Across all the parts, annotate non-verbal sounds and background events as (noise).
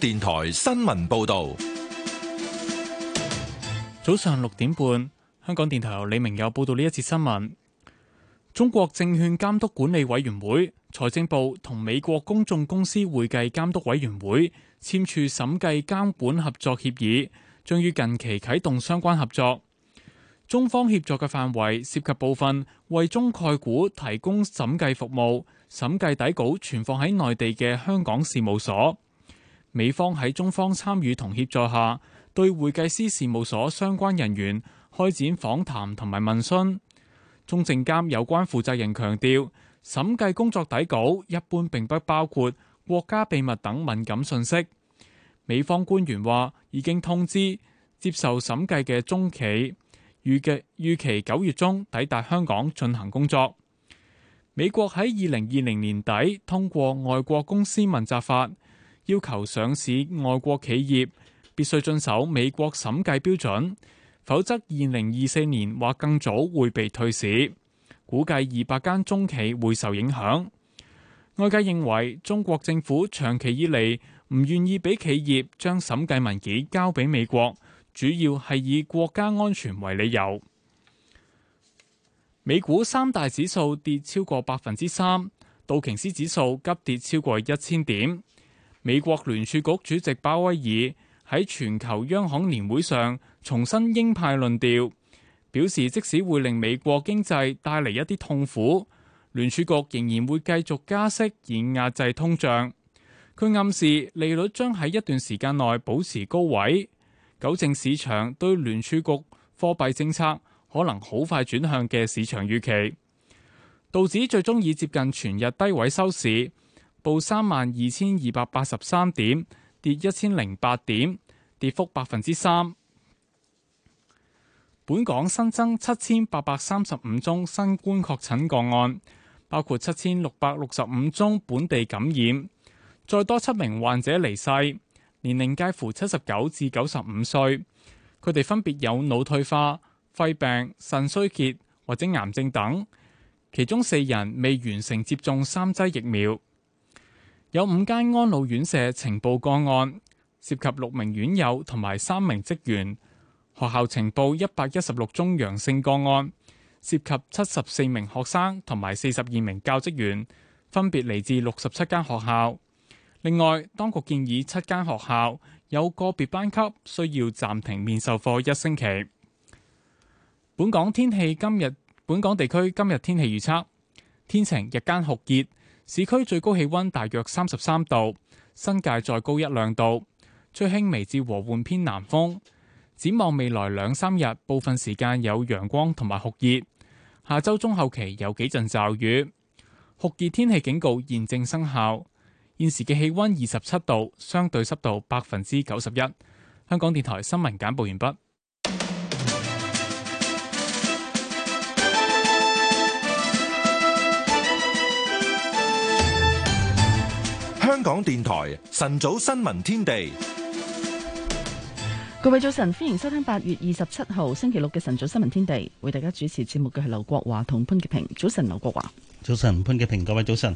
電台新聞報道，早上六點半，香港電台李明又報道呢一節新聞。中國證券監督管理委員會、財政部同美國公眾公司會計監督委員會簽署審計監管合作協議，將於近期啟動相關合作。中方協助嘅範圍涉及部分為中概股提供審計服務，審計底稿存放喺內地嘅香港事務所。美方喺中方參與同協助下，對會計師事務所相關人員開展訪談同埋問詢。中證監有關負責人強調，審計工作底稿一般並不包括國家秘密等敏感信息。美方官員話已經通知接受審計嘅中企，預計預期九月中抵達香港進行工作。美國喺二零二零年底通過《外國公司問責法》。要求上市外國企業必須遵守美國審計標準，否則二零二四年或更早會被退市。估計二百間中企會受影響。外界認為中國政府長期以來唔願意俾企業將審計文件交俾美國，主要係以國家安全為理由。美股三大指數跌超過百分之三，道瓊斯指數急跌超過一千點。美國聯儲局主席鮑威爾喺全球央行年會上重申鷹派論調，表示即使會令美國經濟帶嚟一啲痛苦，聯儲局仍然會繼續加息以壓制通脹。佢暗示利率將喺一段時間內保持高位，糾正市場對聯儲局貨幣政策可能好快轉向嘅市場預期。道指最終以接近全日低位收市。報三萬二千二百八十三點，跌一千零八點，跌幅百分之三。本港新增七千八百三十五宗新冠確診個案，包括七千六百六十五宗本地感染，再多七名患者離世，年齡介乎七十九至九十五歲。佢哋分別有腦退化、肺病、腎衰竭或者癌症等，其中四人未完成接種三劑疫苗。有五間安老院舍呈報個案，涉及六名院友同埋三名職員。學校呈報一百一十六宗陽性個案，涉及七十四名學生同埋四十二名教職員，分別嚟自六十七間學校。另外，當局建議七間學校有個別班級需要暫停面授課一星期。本港天氣今日，本港地區今日天氣預測：天晴，日間酷熱。市區最高氣溫大約三十三度，新界再高一兩度，吹輕微至和緩偏南風。展望未來兩三日，部分時間有陽光同埋酷熱，下周中後期有幾陣驟雨，酷熱天氣警告現正生效。現時嘅氣溫二十七度，相對濕度百分之九十一。香港電台新聞簡報完畢。香港電台晨早新聞天地，各位早晨，歡迎收聽八月二十七號星期六嘅晨早新聞天地。為大家主持節目嘅係劉國華同潘潔平。早晨，劉國華。早晨，潘潔平。各位早晨。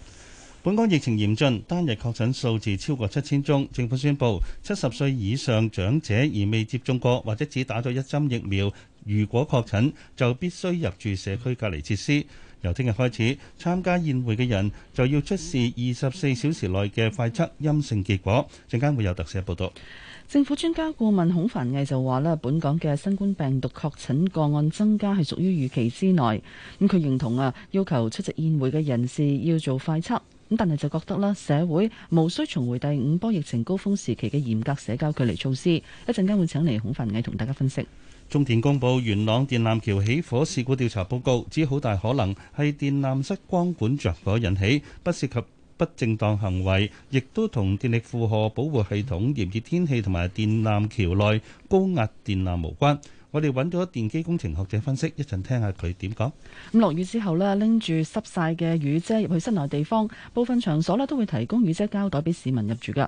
本港疫情嚴峻，單日確診數字超過七千宗，政府宣布七十歲以上長者而未接種過或者只打咗一針疫苗，如果確診就必須入住社區隔離設施。由聽日開始，參加宴會嘅人就要出示二十四小時內嘅快測陰性結果。陣間會有特寫報道。政府專家顧問孔凡毅就話咧，本港嘅新冠病毒確診個案增加係屬於預期之內。咁佢認同啊，要求出席宴會嘅人士要做快測。咁但係就覺得咧，社會無需重回第五波疫情高峰時期嘅嚴格社交距離措施。一陣間會請嚟孔凡毅同大家分析。中電公布元朗電纜橋起火事故調查報告，指好大可能係電纜室光管着火引起，不涉及不正當行為，亦都同電力負荷保護系統、炎熱天氣同埋電纜橋內高壓電纜無關。我哋揾咗電機工程學者分析，一陣聽，聽下佢點講。咁落雨之後咧，拎住濕晒嘅雨遮入去室內地方，部分場所咧都會提供雨遮膠袋俾市民入住㗎。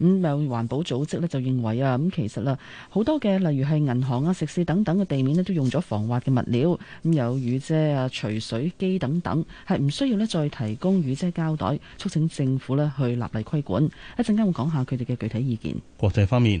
咁有環保組織咧就認為啊，咁其實啦，好多嘅例如係銀行啊、食肆等等嘅地面咧都用咗防滑嘅物料，咁有雨遮啊、除水機等等，係唔需要咧再提供雨遮膠袋，促請政府咧去立例規管。一陣間會講下佢哋嘅具體意見。國際方面。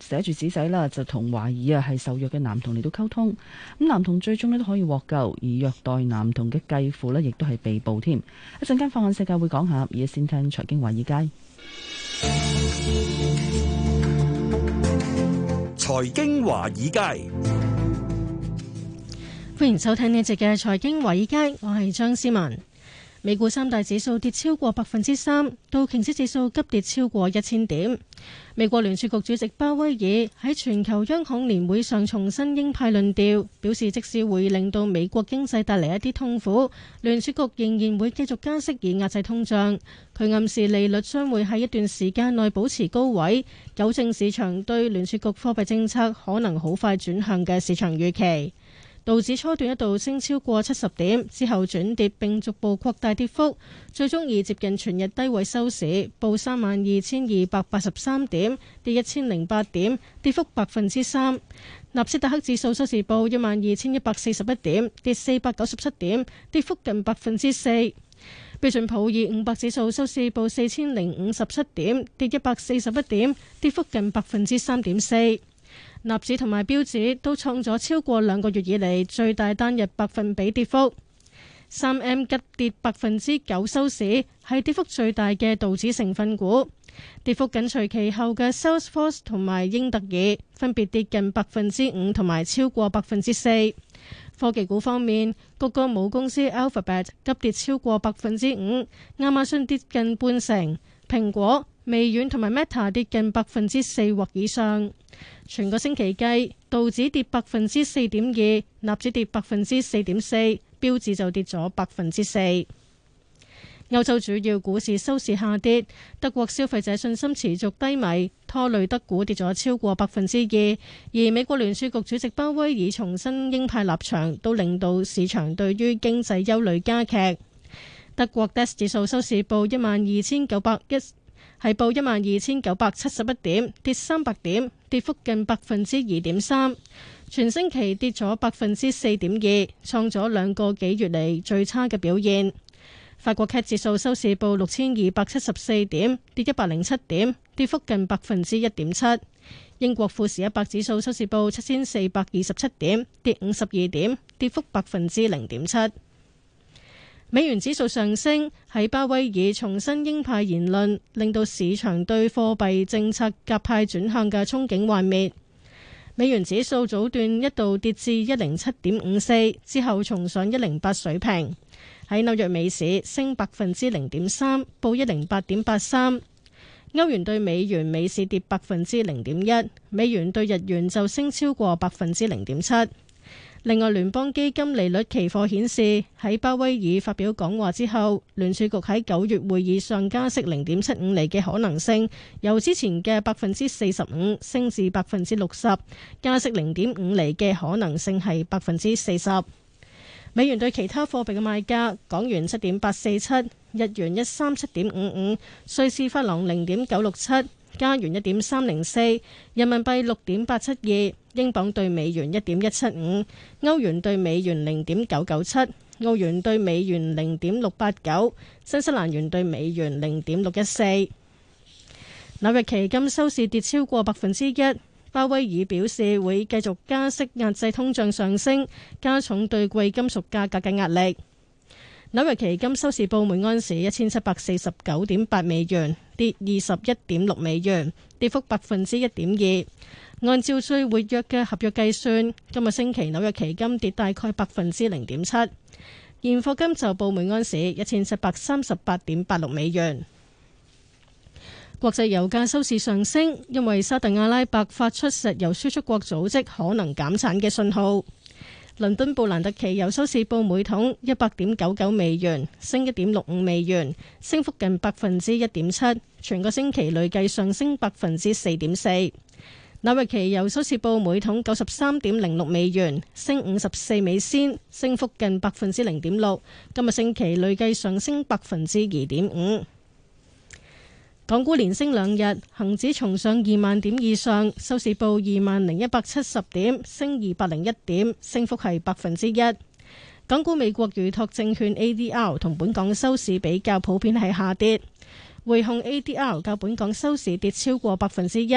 寫住紙仔啦，就同懷疑啊係受虐嘅男童嚟到溝通。咁男童最終咧都可以獲救，而虐待男童嘅繼父呢，亦都係被捕添。一陣間放眼世界會講下，而家先聽財經華爾街。財經華爾街，歡迎收聽呢一節嘅財經華爾街，我係張思文。美股三大指數跌超過百分之三，道瓊斯指數急跌超過一千點。美國聯儲局主席鮑威爾喺全球央行年會上重申鷹派論調，表示即使會令到美國經濟帶嚟一啲痛苦，聯儲局仍然會繼續加息以壓制通脹，佢暗示利率將會喺一段時間內保持高位，糾正市場對聯儲局貨幣政策可能好快轉向嘅市場預期。道指初段一度升超過七十點，之後轉跌並逐步擴大跌幅，最終以接近全日低位收市，報三萬二千二百八十三點，跌一千零八點，跌幅百分之三。納斯達克指數收市報一萬二千一百四十一點，跌四百九十七點，跌幅近百分之四。標準普爾五百指數收市報四千零五十七點，跌一百四十一點，跌幅近百分之三點四。納指同埋標指都創咗超過兩個月以嚟最大單日百分比跌幅，三 M 急跌百分之九收市，係跌幅最大嘅道指成分股。跌幅緊隨其後嘅 Salesforce 同埋英特爾，分別跌近百分之五同埋超過百分之四。科技股方面，谷歌母公司 Alphabet 急跌超過百分之五，亞馬遜跌近半成，蘋果，微軟同埋 Meta 跌近百分之四或以上，全個星期計，道指跌百分之四點二，納指跌百分之四點四，標指就跌咗百分之四。歐洲主要股市收市下跌，德國消費者信心持續低迷，拖累德股跌咗超過百分之二。而美國聯儲局主席鮑威爾重申鷹派立場，都令到市場對於經濟憂慮加劇。德國 DAX 指數收市報一萬二千九百一。係報一萬二千九百七十一點，跌三百點，跌幅近百分之二點三。全星期跌咗百分之四點二，創咗兩個幾月嚟最差嘅表現。法國 CAC 指數收市報六千二百七十四點，跌一百零七點，跌幅近百分之一點七。英國富時一百指數收市報七千四百二十七點，跌五十二點，跌幅百分之零點七。美元指數上升，喺鮑威爾重申鷹派言論，令到市場對貨幣政策鴿派轉向嘅憧憬幻滅。美元指數早段一度跌至一零七點五四，之後重上一零八水平。喺紐約美市升百分之零點三，報一零八點八三。歐元兌美元美市跌百分之零點一，美元兌日元就升超過百分之零點七。另外，聯邦基金利率期貨顯示，喺鮑威爾發表講話之後，聯儲局喺九月會議上加息零點七五厘嘅可能性由之前嘅百分之四十五升至百分之六十，加息零點五厘嘅可能性係百分之四十。美元對其他貨幣嘅賣價：港元七點八四七，日元一三七點五五，瑞士法郎零點九六七，加元一點三零四，人民幣六點八七二。英鎊兌美元一點一七五，歐元兌美元零點九九七，澳元兌美元零點六八九，新西蘭元兌美元零點六一四。紐約期金收市跌超過百分之一，鮑威爾表示會繼續加息壓制通脹上升，加重對貴金屬價格嘅壓力。紐約期金收市報每安士一千七百四十九點八美元，跌二十一點六美元，跌幅百分之一點二。按照最活躍嘅合約計算，今個星期紐約期金跌大概百分之零點七，現貨金就報每安士一千七百三十八點八六美元。國際油價收市上升，因為沙特阿拉伯發出石油輸出國組織可能減產嘅信號。倫敦布蘭特期油收市報每桶一百點九九美元，升一點六五美元，升幅近百分之一點七，全個星期累計上升百分之四點四。紐約期油收市報每桶九十三點零六美元，升五十四美仙，升幅近百分之零點六。今日升期累計上升百分之二點五。港股連升兩日，恒指重上二萬點以上，收市報二萬零一百七十點，升二百零一點，升幅係百分之一。港股美國預託證券 ADR 同本港收市比較普遍係下跌，匯控 ADR 較本港收市跌超過百分之一。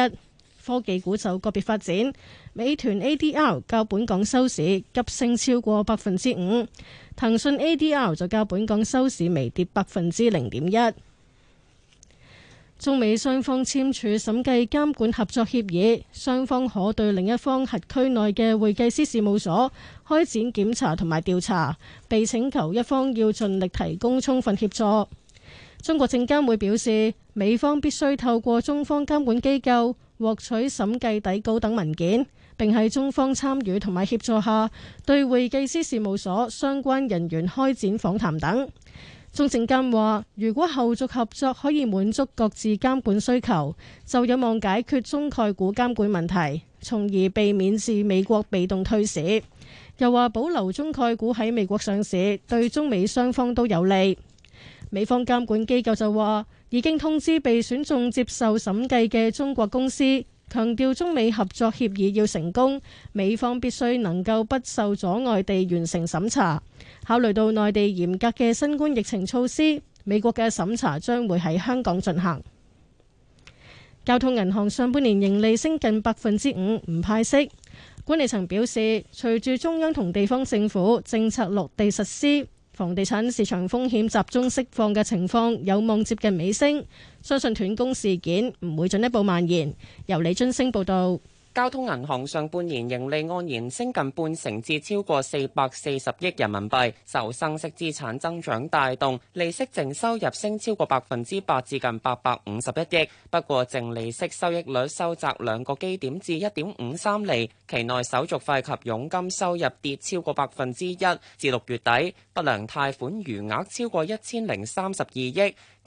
科技股就個別發展，美團 ADR 較本港收市急升超過百分之五，騰訊 ADR 就較本港收市微跌百分之零點一。中美雙方簽署審計監管合作協議，雙方可對另一方轄區內嘅會計師事務所開展檢查同埋調查，被請求一方要盡力提供充分協助。中國證監會表示，美方必須透過中方監管機構。獲取審計底稿等文件，並喺中方參與同埋協助下，對會計師事務所相關人員開展訪談等。中證監話，如果後續合作可以滿足各自監管需求，就有望解決中概股監管問題，從而避免至美國被動退市。又話保留中概股喺美國上市，對中美雙方都有利。美方監管機構就話。已經通知被選中接受審計嘅中國公司，強調中美合作協議要成功，美方必須能夠不受阻礙地完成審查。考慮到內地嚴格嘅新冠疫情措施，美國嘅審查將會喺香港進行。交通銀行上半年盈利升近百分之五，唔派息。管理層表示，隨住中央同地方政府政策落地實施。房地產市場風險集中釋放嘅情況有望接近尾聲，相信斷供事件唔會進一步蔓延。由李津升報道。交通銀行上半年盈利按年升近半成，至超過四百四十億人民幣，受生息資產增長帶動，利息淨收入升超過百分之八至近八百五十一億。不過，淨利息收益率收窄兩個基點至一點五三釐，期內手續費及佣金收入跌超過百分之一。至六月底，不良貸款餘額超過一千零三十二億。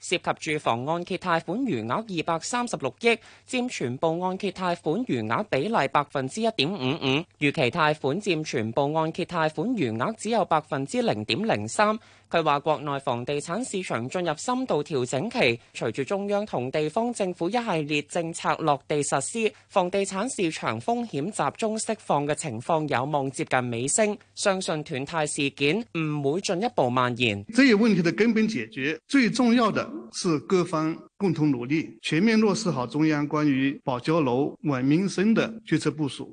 涉及住房按揭貸款餘額二百三十六億，佔全部按揭貸款餘額比例百分之一點五五，逾期貸款佔全部按揭貸款餘額只有百分之零點零三。佢話：國內房地產市場進入深度調整期，隨住中央同地方政府一系列政策落地實施，房地產市場風險集中釋放嘅情況有望接近尾聲。相信斷貸事件唔會進一步蔓延。這一問題的根本解決，最重要的是各方共同努力，全面落實好中央關於保交樓、穩民生的決策部署。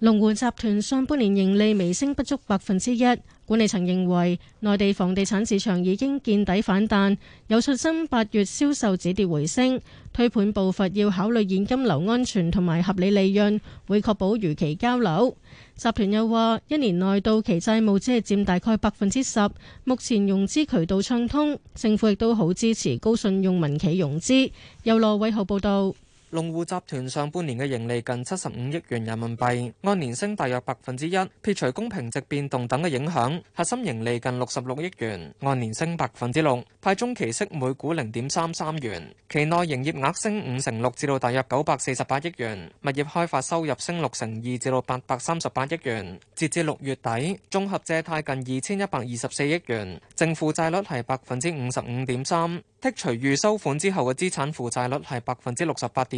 龍湖集團上半年盈利微升不足百分之一，管理層認為內地房地產市場已經見底反彈，有信心八月銷售止跌回升。推盤步伐要考慮現金流安全同埋合理利潤，會確保如期交樓。集團又話一年內到期債務只係占大概百分之十，目前融資渠道暢通，政府亦都好支持高信用民企融資。由羅偉豪報道。龍湖集團上半年嘅盈利近七十五億元人民幣，按年升大約百分之一。撇除公平值變動等嘅影響，核心盈利近六十六億元，按年升百分之六。派中期息每股零點三三元。期內營業額升五成六，至到大約九百四十八億元。物業開發收入升六成二，至到八百三十八億元。截至六月底，綜合借貸近二千一百二十四億元，淨負債率係百分之五十五點三。剔除預收款之後嘅資產負債率係百分之六十八點。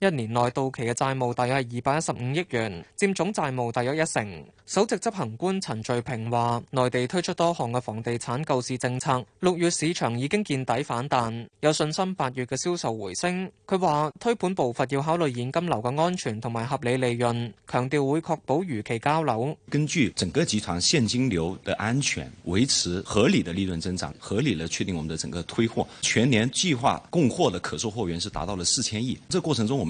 一年內到期嘅債務大約係二百一十五億元，佔總債務大約一成。首席執行官陳聚平話：內地推出多項嘅房地產救市政策，六月市場已經見底反彈，有信心八月嘅銷售回升。佢話：推盤步伐要考慮現金流嘅安全同埋合理利潤，強調會確保如期交樓。根據整個集團現金流嘅安全，維持合理的利潤增長，合理地確定我們的整個推貨。全年計劃供貨的可售貨源是達到了四千億。這個，過程中，我們。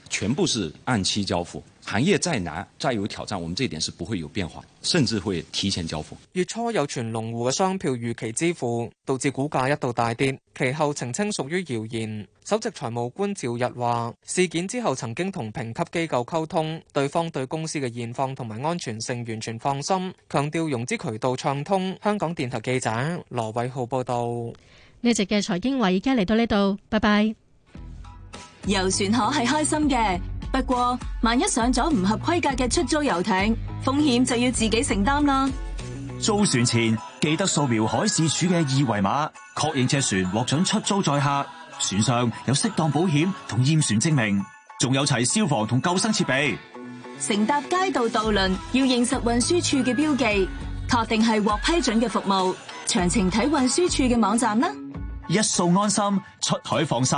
全部是按期交付。行業再難再有挑戰，我們這一點是不會有變化，甚至會提前交付。月初有全龍湖嘅商票逾期支付，導致股價一度大跌。其後澄清屬於謠言。首席財務官趙日話：事件之後曾經同評級機構溝通，對方對公司嘅現況同埋安全性完全放心。強調融資渠道暢通。香港電台記者羅偉浩報道。呢席嘅財經委已經嚟到呢度，拜拜。遊船河係開心嘅，不過萬一上咗唔合規格嘅出租遊艇，風險就要自己承擔啦。租船前記得掃描海事處嘅二維碼，確認隻船獲准出租載客，船上有適當保險同驗船證明，仲有齊消防同救生設備。乘搭街道渡輪要認實運輸署嘅標記，確定係獲批准嘅服務，詳情睇運輸署嘅網站啦。一掃安心，出海放心。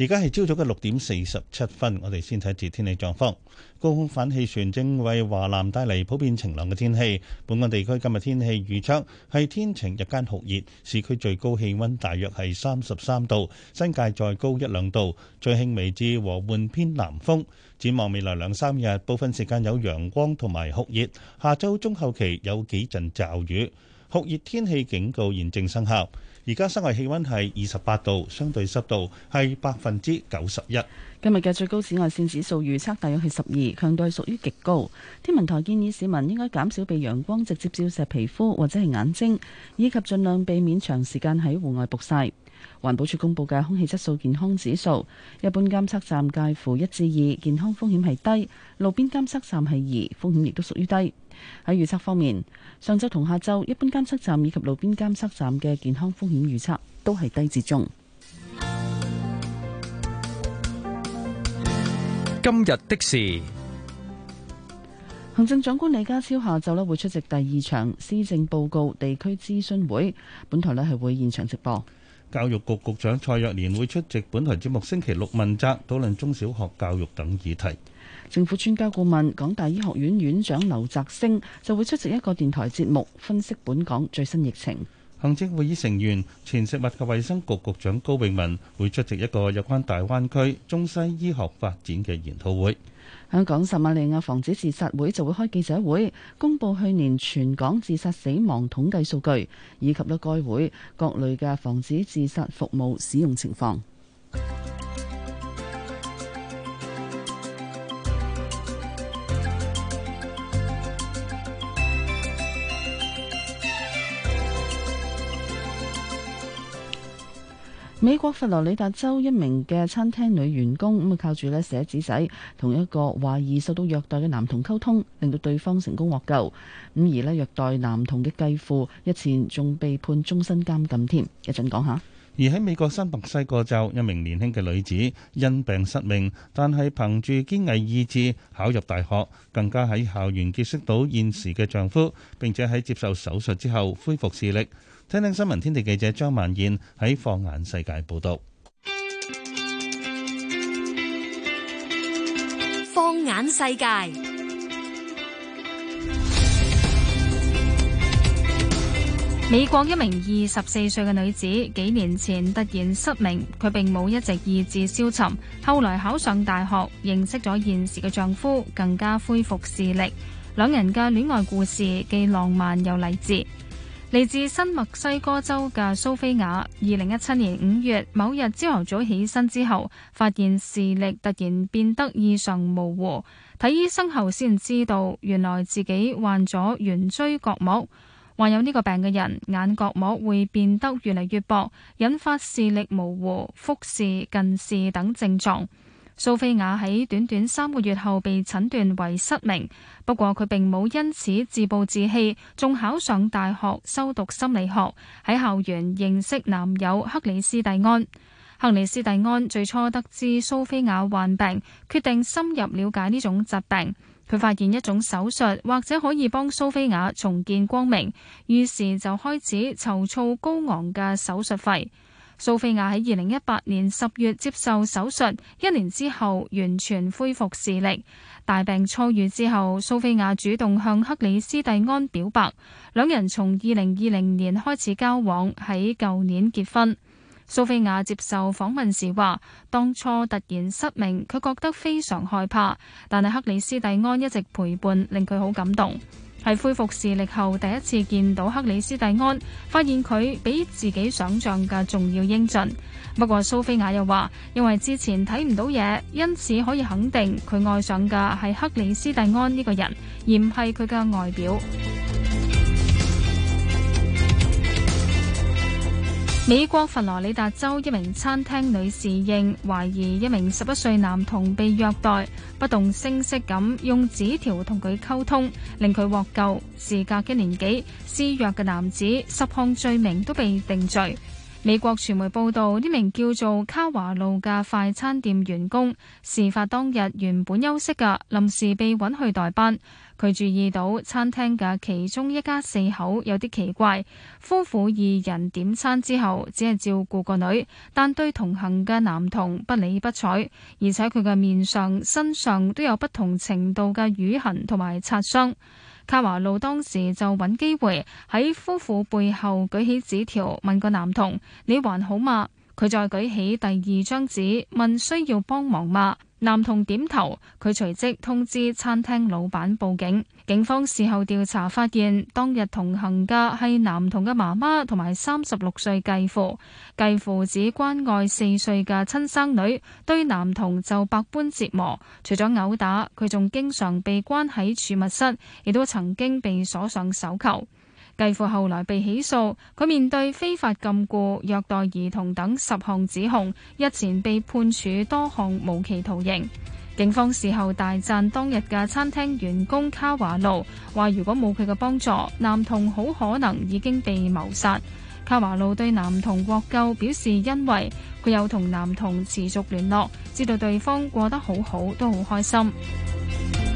而家係朝早嘅六點四十七分，我哋先睇一節天氣狀況。高空反氣旋正為華南帶嚟普遍晴朗嘅天氣。本港地區今日天氣預測係天晴，日間酷熱，市區最高氣溫大約係三十三度，新界再高一兩度。最輕微至和緩偏南風。展望未來兩三日，部分時間有陽光同埋酷熱。下週中後期有幾陣驟雨，酷熱天氣警告現正生效。而家室外氣溫係二十八度，相對濕度係百分之九十一。今日嘅最高紫外線指數預測大約係十二，強度係屬於極高。天文台建議市民應該減少被陽光直接照射皮膚或者係眼睛，以及盡量避免長時間喺戶外曝曬。環保署公布嘅空氣質素健康指數，一般監測站介乎一至二，健康風險係低；路邊監測站係二，風險亦都屬於低。喺預測方面，上晝同下晝一般監測站以及路邊監測站嘅健康風險預測都係低至中。今日的事，行政長官李家超下晝呢會出席第二場施政報告地區諮詢會，本台呢係會現場直播。教育局局長蔡若蓮會出席本台節目，星期六問責，討論中小學教育等議題。政府專家顧問、港大醫學院院長劉澤星就會出席一個電台節目，分析本港最新疫情。行政會議成員、前食物及衛生局局長高永文會出席一個有關大灣區中西醫學發展嘅研討會。香港撒瑪利亞防止自殺會就會開記者會，公布去年全港自殺死亡統計數據，以及咧該會各類嘅防止自殺服務使用情況。美國佛羅里達州一名嘅餐廳女員工咁啊靠住咧寫紙仔同一個懷疑受到虐待嘅男童溝通，令到對方成功獲救。咁而咧虐待男童嘅繼父，日前仲被判終身監禁添。講一陣講下。而喺美國新墨西哥州，一名年輕嘅女子因病失明，但係憑住堅毅意志考入大學，更加喺校園結識到現時嘅丈夫，並且喺接受手術之後恢復視力。聽聽新聞天地記者張萬燕喺《放眼世界》報道。《放眼世界》，美國一名二十四歲嘅女子幾年前突然失明，佢並冇一直意志消沉，後來考上大學，認識咗現時嘅丈夫，更加恢復視力。兩人嘅戀愛故事既浪漫又勵志。嚟自新墨西哥州嘅蘇菲亞，二零一七年五月某日朝頭早起身之後，發現視力突然變得異常模糊。睇醫生後先知道，原來自己患咗圓錐角膜。患有呢個病嘅人，眼角膜會變得越嚟越薄，引發視力模糊、複視、近視等症狀。蘇菲亞喺短短三個月後被診斷為失明，不過佢並冇因此自暴自棄，仲考上大學修讀心理學，喺校園認識男友克里斯蒂安。克里斯蒂安最初得知蘇菲亞患病，決定深入了解呢種疾病。佢發現一種手術或者可以幫蘇菲亞重見光明，於是就開始籌措高昂嘅手術費。蘇菲亞喺二零一八年十月接受手術，一年之後完全恢復視力。大病初癒之後，蘇菲亞主動向克里斯蒂安表白，兩人從二零二零年開始交往，喺舊年結婚。蘇菲亞接受訪問時話，當初突然失明，佢覺得非常害怕，但係克里斯蒂安一直陪伴，令佢好感動。係恢復視力後第一次見到克里斯蒂安，發現佢比自己想象嘅仲要英俊。不過蘇菲亞又話，因為之前睇唔到嘢，因此可以肯定佢愛上嘅係克里斯蒂安呢個人，而唔係佢嘅外表。美國佛羅里達州一名餐廳女侍應懷疑一名十一歲男童被虐待，不動聲色咁用紙條同佢溝通，令佢獲救。時隔一年幾，施虐嘅男子十項罪名都被定罪。美國傳媒報道，呢名叫做卡華路嘅快餐店員工，事發當日原本休息嘅，臨時被揾去代班。佢注意到餐廳嘅其中一家四口有啲奇怪，夫婦二人點餐之後只係照顧個女，但對同行嘅男童不理不睬，而且佢嘅面上、身上都有不同程度嘅瘀痕同埋擦傷。卡華路當時就揾機會喺夫婦背後舉起紙條問個男童：你還好嗎？佢再舉起第二張紙問：需要幫忙嗎？男童點頭，佢隨即通知餐廳老闆報警。警方事後調查發現，當日同行嘅係男童嘅媽媽同埋三十六歲繼父，繼父只關愛四歲嘅親生女，對男童就百般折磨，除咗毆打，佢仲經常被關喺儲物室，亦都曾經被鎖上手銬。繼父後來被起訴，佢面對非法禁錮、虐待兒童等十項指控，日前被判處多項無期徒刑。警方事後大讚當日嘅餐廳員工卡華路，話如果冇佢嘅幫助，男童好可能已經被謀殺。卡華路對男童獲救表示欣慰，佢又同男童持續聯絡，知道對方過得好好，都好開心。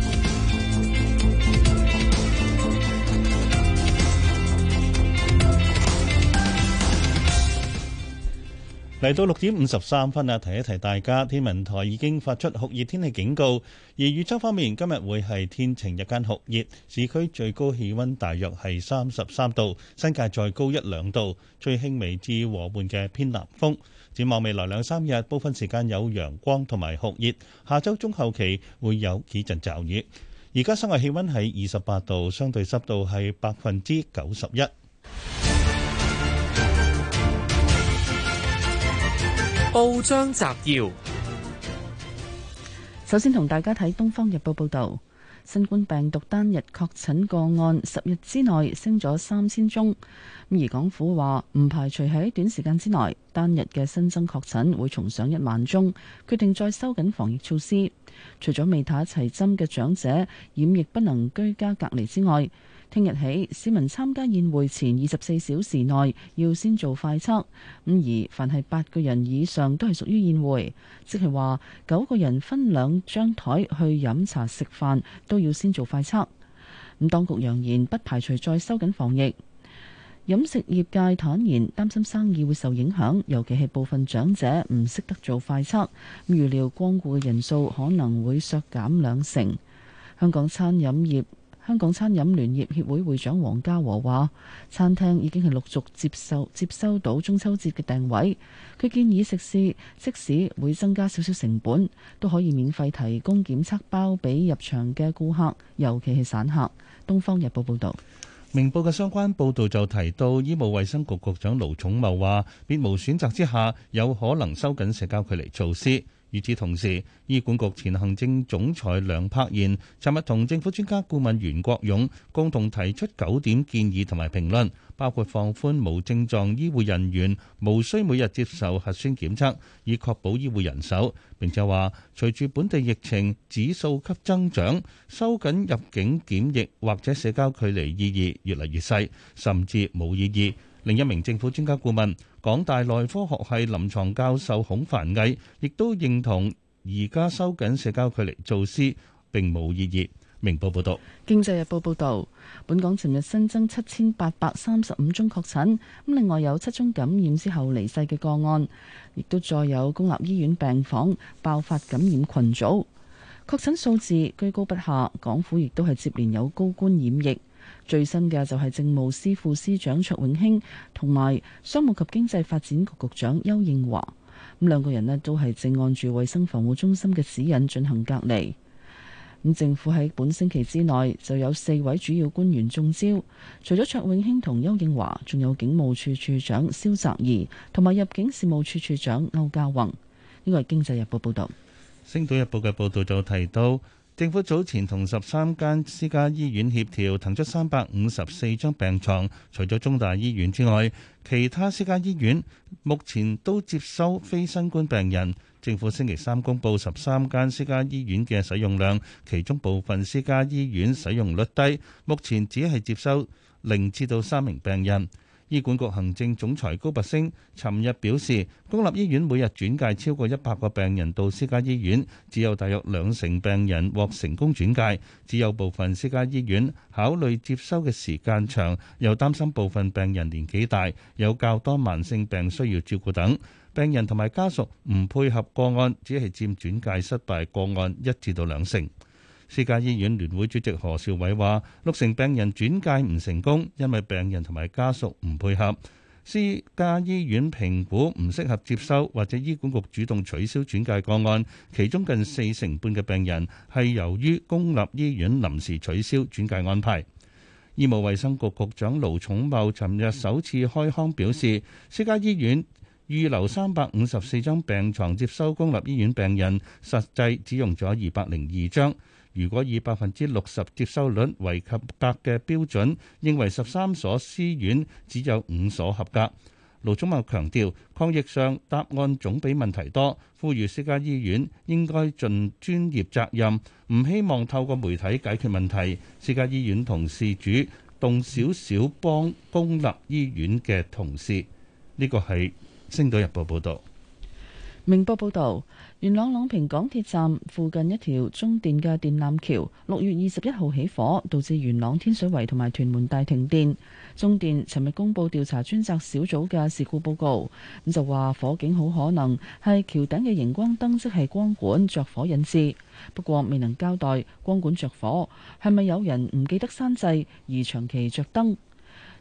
嚟到六點五十三分啊，提一提大家，天文台已經發出酷熱天氣警告。而預測方面，今日會係天晴日間酷熱，市區最高氣温大約係三十三度，新界再高一兩度，最輕微至和緩嘅偏南風。展望未來兩三日，部分時間有陽光同埋酷熱，下週中後期會有幾陣驟雨。而家室外氣温係二十八度，相對濕度係百分之九十一。報章摘要：首先同大家睇《東方日報》報道，新冠病毒單日確診個案十日之內升咗三千宗。而港府話唔排除喺短時間之內單日嘅新增確診會重上一萬宗，決定再收緊防疫措施。除咗未打齊針嘅長者，染疫不能居家隔離之外，聽日起，市民參加宴會前二十四小時內要先做快測。咁而凡係八個人以上都係屬於宴會，即係話九個人分兩張枱去飲茶食飯都要先做快測。咁當局揚言不排除再收緊防疫。飲食業界坦言擔心生意會受影響，尤其係部分長者唔識得做快測。預料光顧嘅人數可能會削減兩成。香港餐飲業。香港餐飲聯業協會會長黃家和話：餐廳已經係陸續接受接收到中秋節嘅訂位。佢建議食肆即使會增加少少成本，都可以免費提供檢測包俾入場嘅顧客，尤其係散客。東方日報報道，明報嘅相關報道就提到，醫務衛生局局長盧重茂話：，別無選擇之下，有可能收緊社交距離措施。與此同時，醫管局前行政總裁梁柏賢尋日同政府專家顧問袁國勇共同提出九點建議同埋評論，包括放寬無症狀醫護人員無需每日接受核酸檢測，以確保醫護人手，並且話隨住本地疫情指數級增長，收緊入境檢疫或者社交距離意義越嚟越細，甚至冇意義。另一名政府專家顧問、港大內科學系臨床教授孔凡毅，亦都認同而家收緊社交距離措施並無意義。明報報道。《經濟日報》報道，本港前日新增七千八百三十五宗確診，咁另外有七宗感染之後離世嘅個案，亦都再有公立醫院病房爆發感染群組，確診數字居高不下，港府亦都係接連有高官染疫。最新嘅就係政務司副司長卓永興同埋商務及經濟發展局局長丘應樺，咁兩個人咧都係正按住衛生防護中心嘅指引進行隔離。咁政府喺本星期之內就有四位主要官員中招，除咗卓永興同丘應樺，仲有警務處處長蕭澤頤同埋入境事務處處長歐嘉宏。呢個係《經濟日報》報道，《星島日報》嘅報道就提到。政府早前同十三間私家醫院協調騰出三百五十四張病床，除咗中大醫院之外，其他私家醫院目前都接收非新冠病人。政府星期三公布十三間私家醫院嘅使用量，其中部分私家醫院使用率低，目前只係接收零至到三名病人。醫管局行政總裁高拔升尋日表示，公立醫院每日轉介超過一百個病人到私家醫院，只有大約兩成病人獲成功轉介。只有部分私家醫院考慮接收嘅時間長，又擔心部分病人年紀大，有較多慢性病需要照顧等。病人同埋家屬唔配合個案，只係佔轉介失敗個案一至到兩成。私家醫院聯會主席何兆偉話：六成病人轉介唔成功，因為病人同埋家屬唔配合。私家醫院評估唔適合接收，或者醫管局主動取消轉介個案。其中近四成半嘅病人係由於公立醫院臨時取消轉介安排。醫務衛生局局長盧寵茂尋日首次開腔表示，私家醫院預留三百五十四張病床接收公立醫院病人，實際只用咗二百零二張。如果以百分之六十接收率為及格嘅標準，認為十三所私院只有五所合格。盧宗茂強調，抗疫上答案總比問題多，呼籲私家醫院應該盡專業責任，唔希望透過媒體解決問題，私家醫院同事主動少少幫公立醫院嘅同事，呢個係星島日報報道。明報報道，元朗朗屏港鐵站附近一條中電嘅電纜橋，六月二十一號起火，導致元朗天水圍同埋屯門大停電。中電尋日公布調查專責小組嘅事故報告，咁就話火警好可能係橋頂嘅熒光燈即係光管着火引致，不過未能交代光管着火係咪有人唔記得閂掣而長期着燈。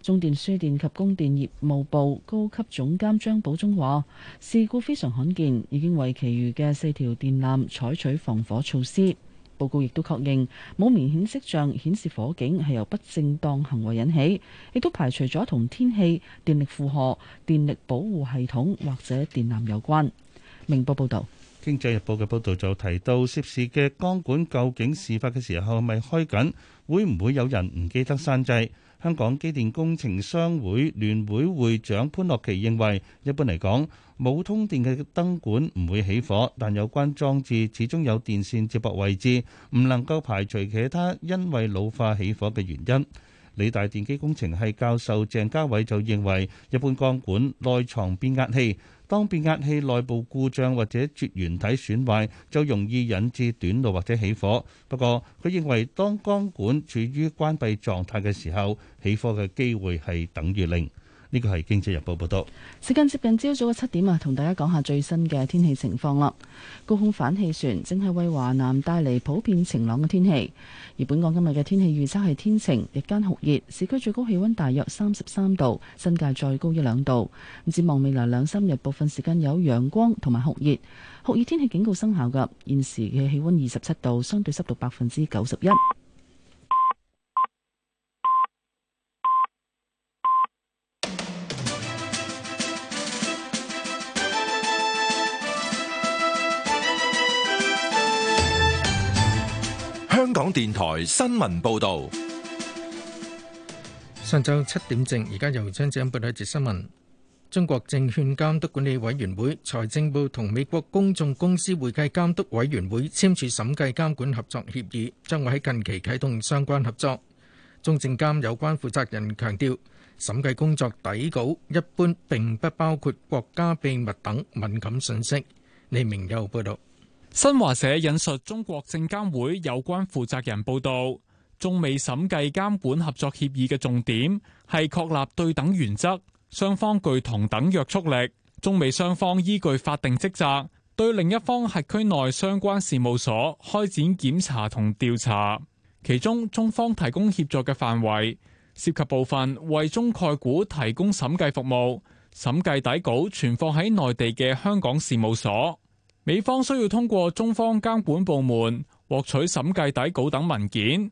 中電輸電及供電業務部高級總監張寶忠話：事故非常罕見，已經為其餘嘅四條電纜採取防火措施。報告亦都確認冇明顯迹象顯示火警係由不正當行為引起，亦都排除咗同天氣、電力負荷、電力保護系統或者電纜有關。明報報道，《經濟日報》嘅報道就提到，涉事嘅鋼管究竟事發嘅時候係咪開緊？會唔會有人唔記得閂掣？香港機電工程商會聯會會長潘樂琪認為，一般嚟講，冇通電嘅燈管唔會起火，但有關裝置始終有電線接駁位置，唔能夠排除其他因為老化起火嘅原因。理大電機工程系教授鄭家偉就認為，一般鋼管內藏變壓器。當變壓器內部故障或者絕緣體損壞，就容易引致短路或者起火。不過，佢認為當光管處於關閉狀態嘅時候，起火嘅機會係等於零。呢個係《經濟日報》報道。時間接近朝早嘅七點啊，同大家講下最新嘅天氣情況啦。高空反氣旋正係為華南帶嚟普遍晴朗嘅天氣，而本港今日嘅天氣預測係天晴，日間酷熱，市區最高氣温大約三十三度，新界再高一兩度。展望未來兩三日，部分時間有陽光同埋酷熱，酷熱天氣警告生效㗎。現時嘅氣温二十七度，相對濕度百分之九十一。香港電台新聞報道：上晝七點正，而家由張姐報道一節新聞。中國證券監督管理委員會、財政部同美國公眾公司會計監督委員會簽署審計監管合作協議，將會喺近期啟動相關合作。中證監有關負責人強調，審計工作底稿一般並不包括國家秘密等敏感信息。李明又報道。新華社引述中國證監會有關負責人報道，中美審計監管合作協議嘅重點係確立對等原則，雙方具同等約束力。中美雙方依據法定職責，對另一方轄區內相關事務所開展檢查同調查。其中，中方提供協助嘅範圍涉及部分為中概股提供審計服務，審計底稿存放喺內地嘅香港事務所。美方需要通過中方監管部門獲取審計底稿等文件，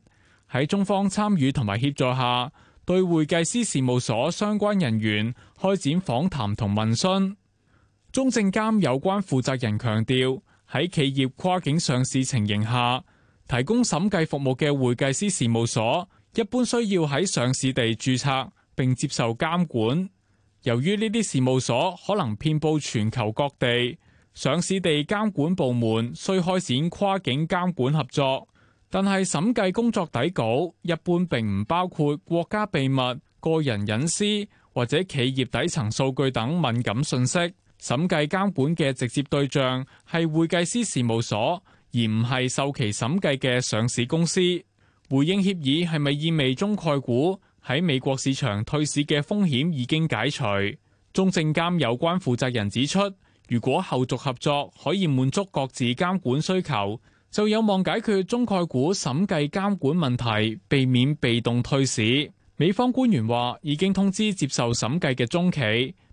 喺中方參與同埋協助下，對會計師事務所相關人員開展訪談同問詢。中證監有關負責人強調：喺企業跨境上市情形下，提供審計服務嘅會計師事務所一般需要喺上市地註冊並接受監管。由於呢啲事務所可能遍布全球各地。上市地監管部門需開展跨境監管合作，但係審計工作底稿一般並唔包括國家秘密、個人隱私或者企業底層數據等敏感信息。審計監管嘅直接對象係會計師事務所，而唔係受其審計嘅上市公司。回應協議係咪意味中概股喺美國市場退市嘅風險已經解除？中證監有關負責人指出。如果後續合作可以滿足各自監管需求，就有望解決中概股審計監管問題，避免被動退市。美方官員話已經通知接受審計嘅中企，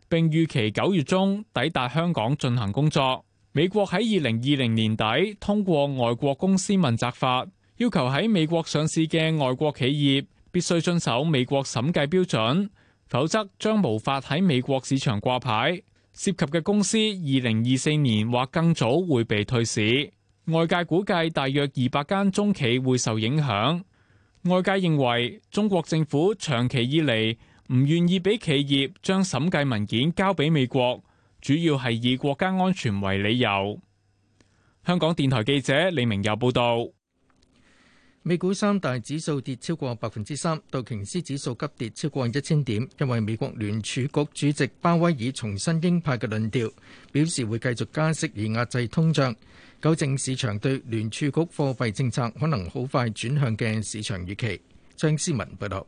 並預期九月中抵達香港進行工作。美國喺二零二零年底通過《外國公司問責法》，要求喺美國上市嘅外國企業必須遵守美國審計標準，否則將無法喺美國市場掛牌。涉及嘅公司，二零二四年或更早會被退市。外界估計大約二百間中企會受影響。外界認為，中國政府長期以嚟唔願意俾企業將審計文件交俾美國，主要係以國家安全為理由。香港電台記者李明佑報道。美股三大指數跌超過百分之三，道瓊斯指數急跌超過一千點，因為美國聯儲局主席鮑威爾重申鷹派嘅論調，表示會繼續加息而壓制通脹，糾正市場對聯儲局貨幣政策可能好快轉向嘅市場預期。張思文報導，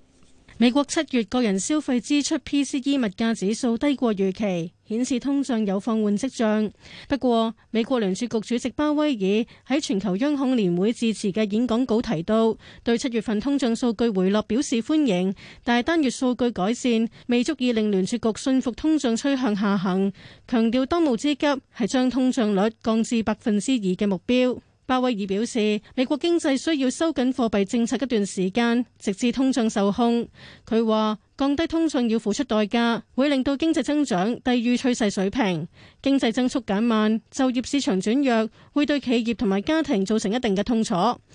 美國七月個人消費支出 PCE 物價指數低過預期。顯示通脹有放緩跡象。不過，美國聯儲局主席鮑威爾喺全球央行年會致辭嘅演講稿提到，對七月份通脹數據回落表示歡迎，但係單月數據改善未足以令聯儲局信服通脹趨向下行。強調當務之急係將通脹率降至百分之二嘅目標。鮑威爾表示，美國經濟需要收緊貨幣政策一段時間，直至通脹受控。佢話：降低通脹要付出代價，會令到經濟增長低於趨勢水平，經濟增速減慢，就業市場轉弱，會對企業同埋家庭造成一定嘅痛楚。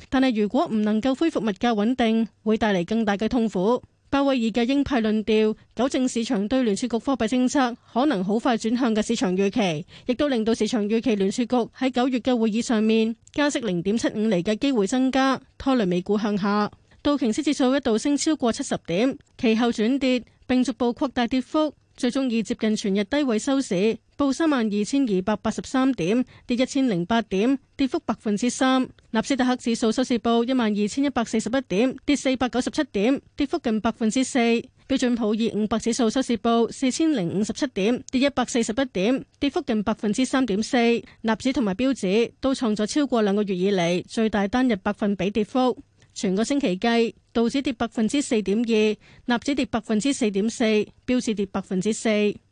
但係如果唔能夠恢復物價穩定，會帶嚟更大嘅痛苦。鮑威爾嘅鷹派論調，糾正市場對聯儲局貨幣政策可能好快轉向嘅市場預期，亦都令到市場預期聯儲局喺九月嘅會議上面加息零點七五厘嘅機會增加，拖累美股向下。道瓊斯指數一度升超過七十點，其後轉跌並逐步擴大跌幅，最終以接近全日低位收市，報三萬二千二百八十三點，跌一千零八點，跌幅百分之三。納斯達克指數收市報一萬二千一百四十一點，跌四百九十七點，跌幅近百分之四。標準普爾五百指數收市報四千零五十七點，跌一百四十一點，跌幅近百分之三點四。納指同埋標指都創咗超過兩個月以嚟最大單日百分比跌幅。全個星期計，道指跌百分之四點二，納指跌百分之四點四，標指跌百分之四。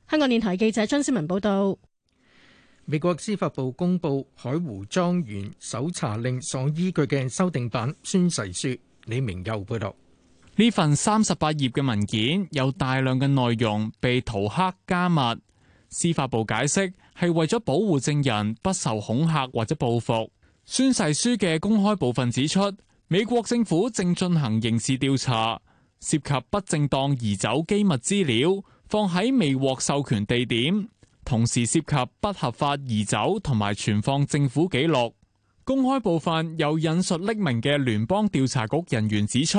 香港電台記者張思文報道。美國司法部公布海湖莊園搜查令所依據嘅修訂版宣誓書，李明又報道。呢份三十八頁嘅文件有大量嘅內容被塗黑加密，司法部解釋係為咗保護證人不受恐嚇或者報復。宣誓書嘅公開部分指出。美國政府正進行刑事調查，涉及不正當移走機密資料，放喺未獲授權地點，同時涉及不合法移走同埋存放政府記錄。公開部分有引述匿名嘅聯邦調查局人員指出，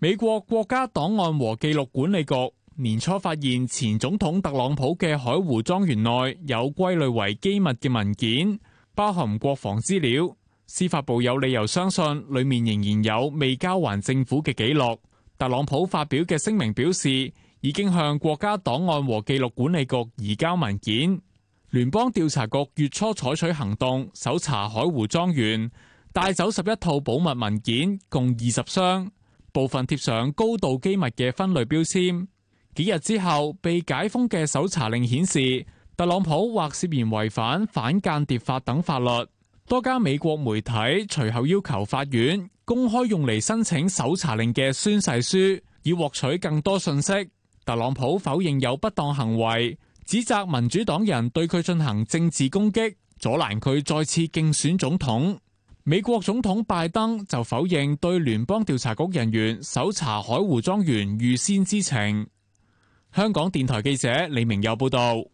美國國家檔案和記錄管理局年初發現前總統特朗普嘅海湖莊園內有歸類為機密嘅文件，包含國防資料。司法部有理由相信，裏面仍然有未交還政府嘅記錄。特朗普發表嘅聲明表示，已經向國家檔案和記錄管理局移交文件。聯邦調查局月初採取行動，搜查海湖莊園，帶走十一套保密文件，共二十箱，部分貼上高度機密嘅分類標籤。幾日之後，被解封嘅搜查令顯示，特朗普或涉嫌違反反間諜法等法律。多家美國媒體隨後要求法院公開用嚟申請搜查令嘅宣誓書，以獲取更多信息。特朗普否認有不當行為，指責民主黨人對佢進行政治攻擊，阻攔佢再次競選總統。美國總統拜登就否認對聯邦調查局人員搜查海湖莊園預先知情。香港電台記者李明佑報導。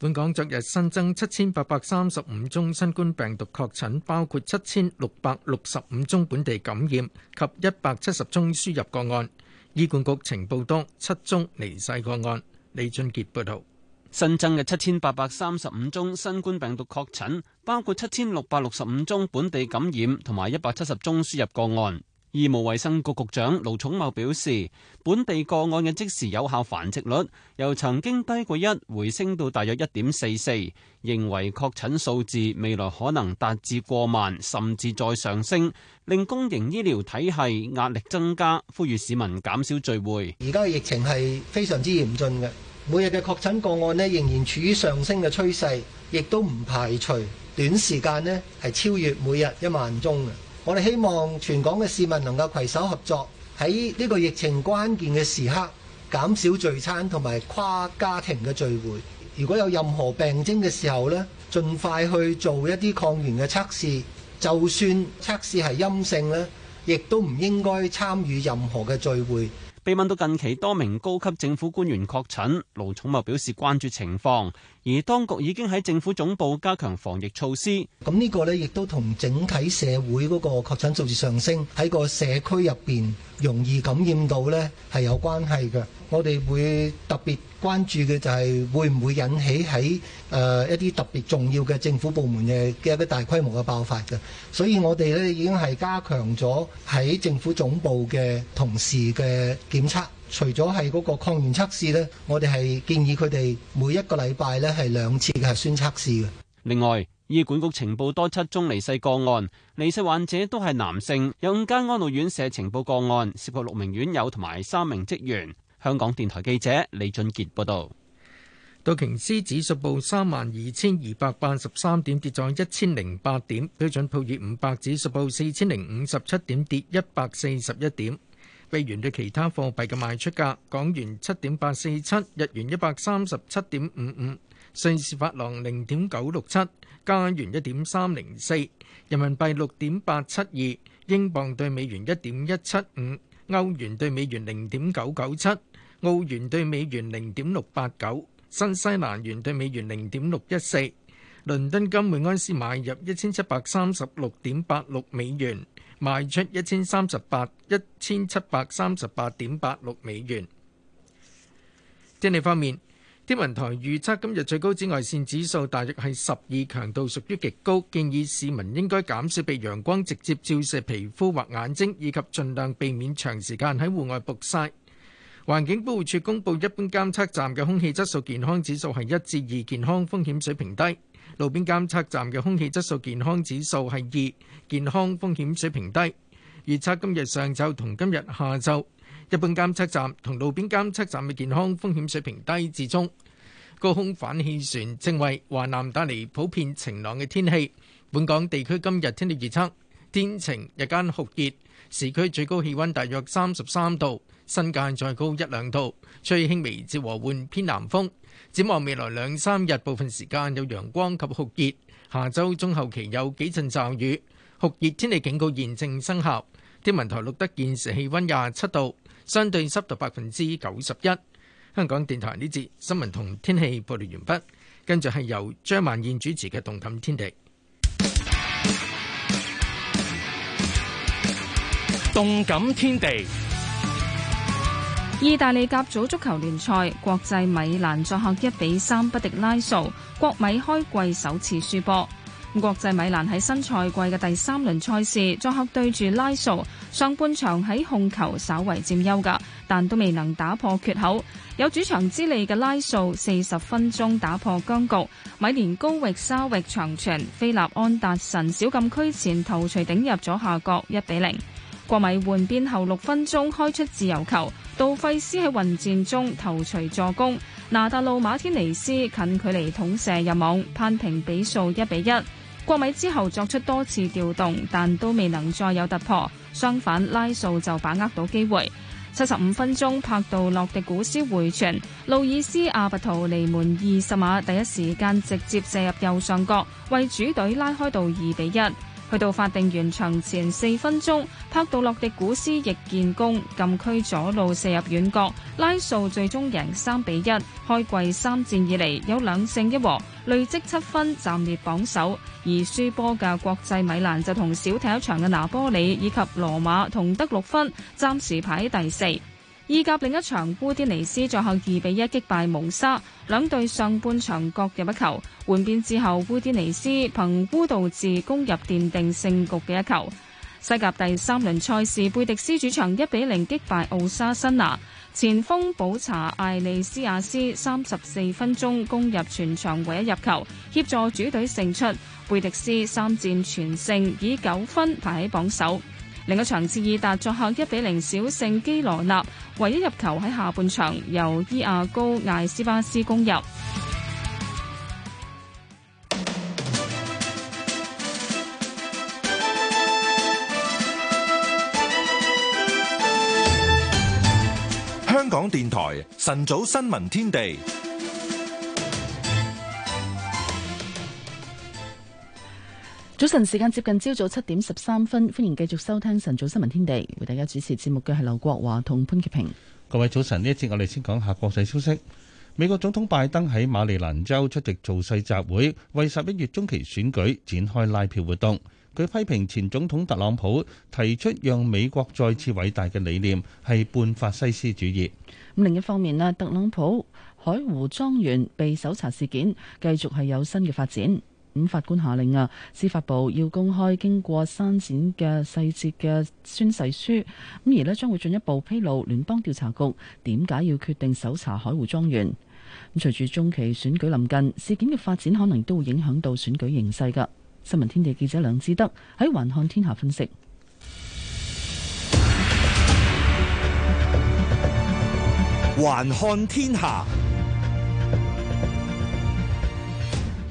本港昨日新增七千八百三十五宗新冠病毒確診，包括七千六百六十五宗本地感染及一百七十宗輸入個案。醫管局情報多七宗離世個案。李俊杰報導。新增嘅七千八百三十五宗新冠病毒確診，包括七千六百六十五宗本地感染同埋一百七十宗輸入個案。醫務衛生局局長盧寵茂表示，本地個案嘅即時有效繁殖率由曾經低過一，回升到大約一點四四，認為確診數字未來可能達至過萬，甚至再上升，令公營醫療體系壓力增加，呼籲市民減少聚會。而家嘅疫情係非常之嚴峻嘅，每日嘅確診個案呢仍然處於上升嘅趨勢，亦都唔排除短時間呢係超越每日一萬宗嘅。我哋希望全港嘅市民能夠攜手合作，喺呢個疫情關鍵嘅時刻減少聚餐同埋跨家庭嘅聚會。如果有任何病徵嘅時候咧，盡快去做一啲抗原嘅測試，就算測試係陰性咧，亦都唔應該參與任何嘅聚會。被問到近期多名高級政府官員確診，盧寵茂表示關注情況。而當局已經喺政府總部加強防疫措施，咁呢個呢，亦都同整體社會嗰個確診數字上升喺個社區入邊容易感染到呢，係有關係嘅。我哋會特別關注嘅就係會唔會引起喺誒、呃、一啲特別重要嘅政府部門嘅嘅一個大規模嘅爆發嘅。所以我哋呢，已經係加強咗喺政府總部嘅同事嘅檢測。除咗係嗰個抗原測試呢，我哋係建議佢哋每一個禮拜呢係兩次嘅核酸測試嘅。另外，醫管局呈報多七宗離世個案，離世患者都係男性，有五間安老院舍呈報個案，涉及六名院友同埋三名職員。香港電台記者李俊傑報道。道瓊斯指數報三萬二千二百八十三點，跌咗一千零八點；標準普爾五百指數報四千零五十七點，跌一百四十一點。美元對其他貨幣嘅賣出價：港元七點八四七，日元一百三十七點五五，瑞士法郎零點九六七，加元一點三零四，人民幣六點八七二，英鎊對美元一點一七五，歐元對美元零點九九七，澳元對美元零點六八九，新西蘭元對美元零點六一四。倫敦金每安士買入一千七百三十六點八六美元。賣出一千三十八一千七百三十八點八六美元。天氣方面，天文台預測今日最高紫外線指數大約係十二，強度屬於極高，建議市民應該減少被陽光直接照射皮膚或眼睛，以及盡量避免長時間喺戶外曝晒。環境保護署公布一般監測站嘅空氣質素健康指數係一至二，健康風險水平低。路邊監測站嘅空氣質素健康指數係二，健康風險水平低。預測今日上晝同今日下晝，一般監測站同路邊監測站嘅健康風險水平低至中。高空反氣旋正為華南帶嚟普遍晴朗嘅天氣。本港地區今日天氣預測：天晴，日間酷熱，市區最高氣溫大約三十三度，新界再高一兩度，吹輕微至和緩偏南風。展望未來兩三日，部分時間有陽光及酷熱。下周中後期有幾陣驟雨，酷熱天氣警告現正生效。天文台錄得現時氣溫廿七度，相對濕度百分之九十一。香港電台呢節新聞同天氣報道完畢，跟住係由張萬燕主持嘅《動感天地》。《動感天地》意大利甲組足球聯賽，國際米蘭作客一比三不敵拉素，國米開季首次輸波。國際米蘭喺新賽季嘅第三輪賽事作客對住拉素，上半場喺控球稍為佔優嘅，但都未能打破缺口。有主場之利嘅拉素，四十分鐘打破僵局，米連高域沙域長傳，菲立安達臣小禁區前頭錘頂入咗下角，一比零。國米換邊後六分鐘開出自由球。杜費斯喺混戰中頭槌助攻，拿達路馬天尼斯近距離捅射入網，扳平比數一比一。國米之後作出多次調動，但都未能再有突破。相反，拉素就把握到機會。七十五分鐘，拍到洛迪古斯回傳，路易斯阿拔圖離門二十碼，第一時間直接射入右上角，為主隊拉開到二比一。去到法定完場前四分鐘，拍到洛迪古斯亦建功，禁區左路射入遠角，拉素最終贏三比一。開季三戰以嚟有兩勝一和，累積七分暫列榜首。而輸波嘅國際米蘭就同小睇一場嘅拿波里以及羅馬同得六分，暫時排第四。意甲另一場烏迪尼斯最後二比一擊敗蒙沙，兩隊上半場各入一球，換邊之後烏迪尼斯憑烏道治攻入奠定勝局嘅一球。西甲第三輪賽事，貝迪斯主場一比零擊敗奧沙辛拿，前鋒保查艾利斯亞斯三十四分鐘攻入全場唯一入球，協助主隊勝出。貝迪斯三戰全勝，以九分排喺榜首。另一個場次，爾達作客一比零小勝基羅納，唯一入球喺下半場由伊亞高艾斯巴斯攻入。香港電台晨早新聞天地。早晨時間接近朝早七點十三分，歡迎繼續收聽晨早新聞天地，為大家主持節目嘅係劉國華同潘潔平。各位早晨，呢一節我哋先講下國際消息。美國總統拜登喺馬里蘭州出席造勢集會，為十一月中期選舉展開拉票活動。佢批評前總統特朗普提出讓美國再次偉大嘅理念係半法西斯主義。咁另一方面呢，特朗普海湖莊園被搜查事件繼續係有新嘅發展。法官下令啊，司法部要公開經過刪剪嘅細節嘅宣誓書，咁而呢，將會進一步披露聯邦調查局點解要決定搜查海湖莊園。咁隨住中期選舉臨近，事件嘅發展可能都會影響到選舉形勢噶。新聞天地記者梁志德喺《環看天下》分析，《環看天下》。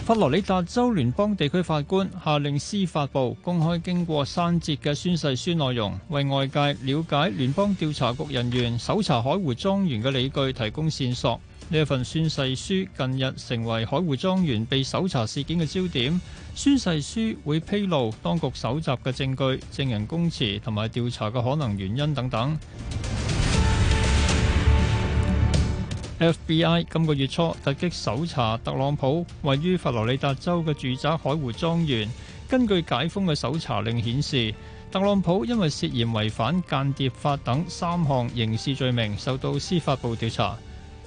佛羅里達州聯邦地區法官下令司法部公開經過刪節嘅宣誓書內容，為外界了解聯邦調查局人員搜查海湖莊園嘅理據提供線索。呢一份宣誓書近日成為海湖莊園被搜查事件嘅焦點。宣誓書會披露當局搜集嘅證據、證人供詞同埋調查嘅可能原因等等。FBI 今個月初突擊搜查特朗普位於佛羅里達州嘅住宅海湖莊園。根據解封嘅搜查令顯示，特朗普因為涉嫌違反間諜法等三項刑事罪名受到司法部調查。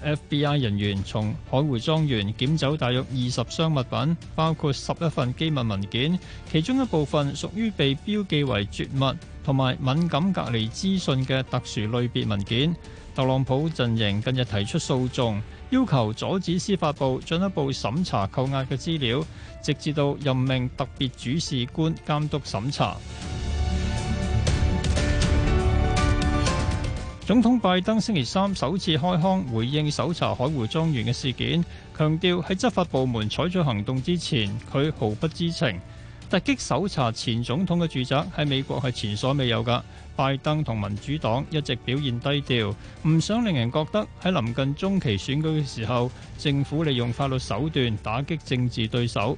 FBI 人員從海湖莊園檢走大約二十箱物品，包括十一份機密文件，其中一部分屬於被標記為絕密同埋敏感隔離資訊嘅特殊類別文件。特朗普陣營近日提出訴訟，要求阻止司法部進一步審查扣押嘅資料，直至到任命特別主事官監督審查。 (music) 總統拜登星期三首次開腔回應搜查海湖莊園嘅事件，強調喺執法部門採取行動之前，佢毫不知情。突擊搜查前總統嘅住宅喺美國係前所未有㗎。拜登同民主黨一直表現低調，唔想令人覺得喺臨近中期選舉嘅時候，政府利用法律手段打擊政治對手。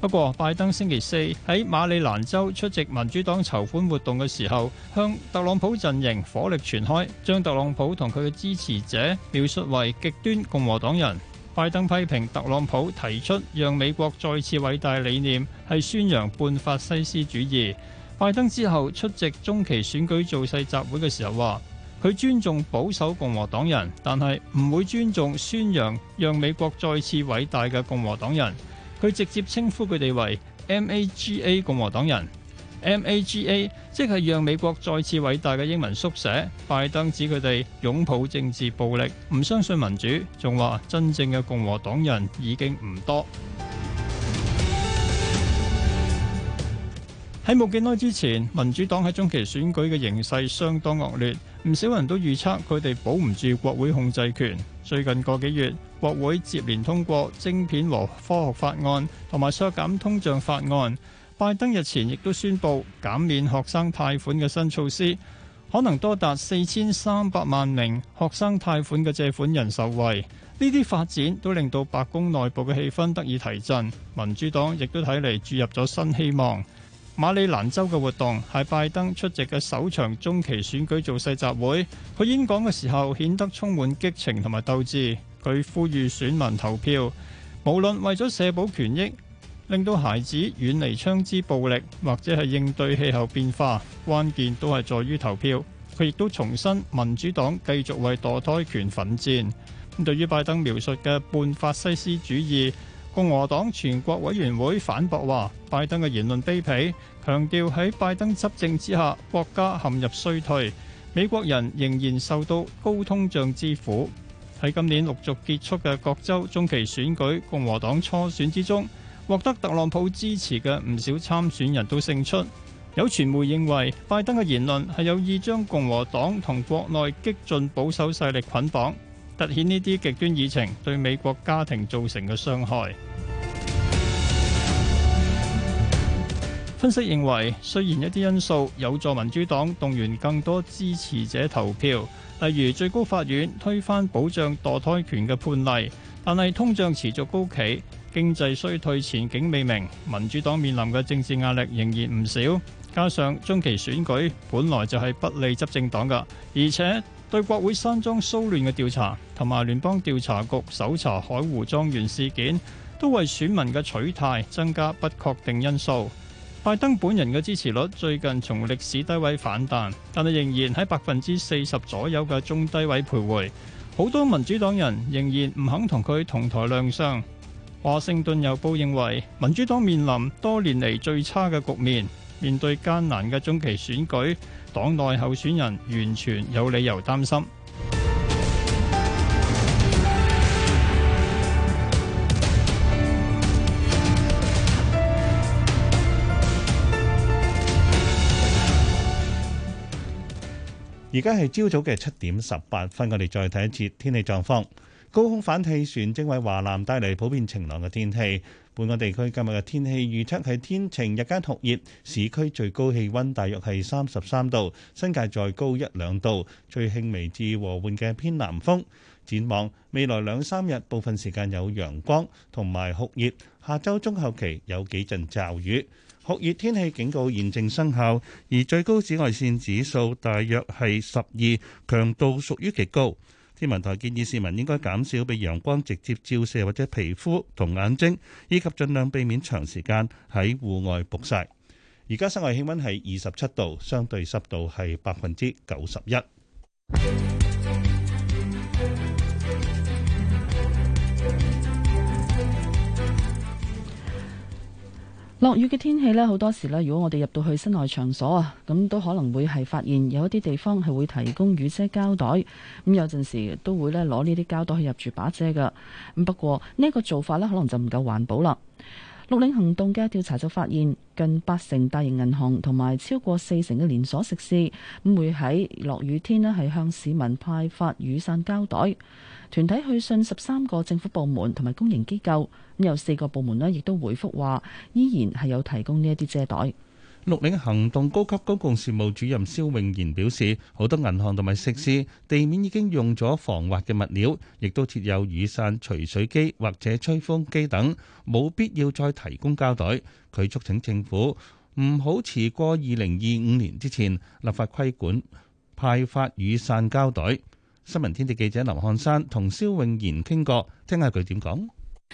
不過，拜登星期四喺馬里蘭州出席民主黨籌款活動嘅時候，向特朗普陣營火力全開，將特朗普同佢嘅支持者描述為極端共和黨人。拜登批評特朗普提出讓美國再次偉大理念，係宣揚半法西斯主義。拜登之後出席中期選舉造勢集會嘅時候話，佢尊重保守共和黨人，但係唔會尊重宣揚讓美國再次偉大嘅共和黨人。佢直接稱呼佢哋為 MAGA 共和黨人，MAGA 即係讓美國再次偉大嘅英文縮寫。拜登指佢哋擁抱政治暴力，唔相信民主，仲話真正嘅共和黨人已經唔多。喺冇幾耐之前，民主黨喺中期選舉嘅形勢相當惡劣，唔少人都預測佢哋保唔住國會控制權。最近個幾月，國會接連通過晶片和科學法案同埋削減通脹法案。拜登日前亦都宣布減免學生貸款嘅新措施，可能多達四千三百萬名學生貸款嘅借款人受惠。呢啲發展都令到白宮內部嘅氣氛得以提振，民主黨亦都睇嚟注入咗新希望。馬里蘭州嘅活動係拜登出席嘅首場中期選舉造勢集會，佢演講嘅時候顯得充滿激情同埋鬥志。佢呼籲選民投票，無論為咗社保權益、令到孩子遠離槍支暴力，或者係應對氣候變化，關鍵都係在於投票。佢亦都重申民主黨繼續為墮胎權奮戰。咁對於拜登描述嘅半法西斯主義，共和黨全國委員會反駁話，拜登嘅言論卑鄙，強調喺拜登執政之下，國家陷入衰退，美國人仍然受到高通脹之苦。喺今年陸續結束嘅各州中期選舉，共和黨初選之中，獲得特朗普支持嘅唔少參選人都勝出。有傳媒認為，拜登嘅言論係有意將共和黨同國內激進保守勢力捆綁。突顯呢啲極端議程對美國家庭造成嘅傷害。分析認為，雖然一啲因素有助民主黨動員更多支持者投票，例如最高法院推翻保障墮胎權嘅判例，但係通脹持續高企、經濟衰退前景未明，民主黨面臨嘅政治壓力仍然唔少。加上中期選舉本來就係不利執政黨嘅，而且，對國會山莊騷亂嘅調查同埋聯邦調查局搜查海湖莊園事件，都為選民嘅取態增加不確定因素。拜登本人嘅支持率最近從歷史低位反彈，但係仍然喺百分之四十左右嘅中低位徘徊。好多民主黨人仍然唔肯同佢同台亮相。華盛頓郵報認為，民主黨面臨多年嚟最差嘅局面，面對艱難嘅中期選舉。黨內候選人完全有理由擔心。而家係朝早嘅七點十八分，我哋再睇一次天氣狀況。高空反氣旋正為華南帶嚟普遍晴朗嘅天氣。本港地區今日嘅天氣預測係天晴，日間酷熱，市區最高氣温大約係三十三度，新界再高一兩度，最輕微至和緩嘅偏南風。展望未來兩三日，部分時間有陽光同埋酷熱，下周中後期有幾陣驟雨。酷熱天氣警告現正生效，而最高紫外線指數大約係十二，強度屬於極高。天文台建議市民應該減少被陽光直接照射，或者皮膚同眼睛，以及盡量避免長時間喺戶外曝曬。而家室外氣温係二十七度，相對濕度係百分之九十一。落雨嘅天氣咧，好多時咧，如果我哋入到去室內場所啊，咁都可能會係發現有一啲地方係會提供雨遮膠袋，咁有陣時都會咧攞呢啲膠袋去入住把遮噶。咁不過呢個做法咧，可能就唔夠環保啦。綠領行動嘅調查就發現，近八成大型銀行同埋超過四成嘅連鎖食肆，咁會喺落雨天咧係向市民派發雨傘膠袋。團體去信十三個政府部門同埋公營機構，咁有四個部門咧，亦都回覆話，依然係有提供呢一啲遮袋。綠領行動高級公共事務主任蕭永賢表示，好多銀行同埋食肆地面已經用咗防滑嘅物料，亦都設有雨傘除水機或者吹風機等，冇必要再提供膠袋。佢促請政府唔好遲過二零二五年之前立法規管派發雨傘膠袋。新聞天地記者林漢山同蕭穎賢傾過，聽下佢點講。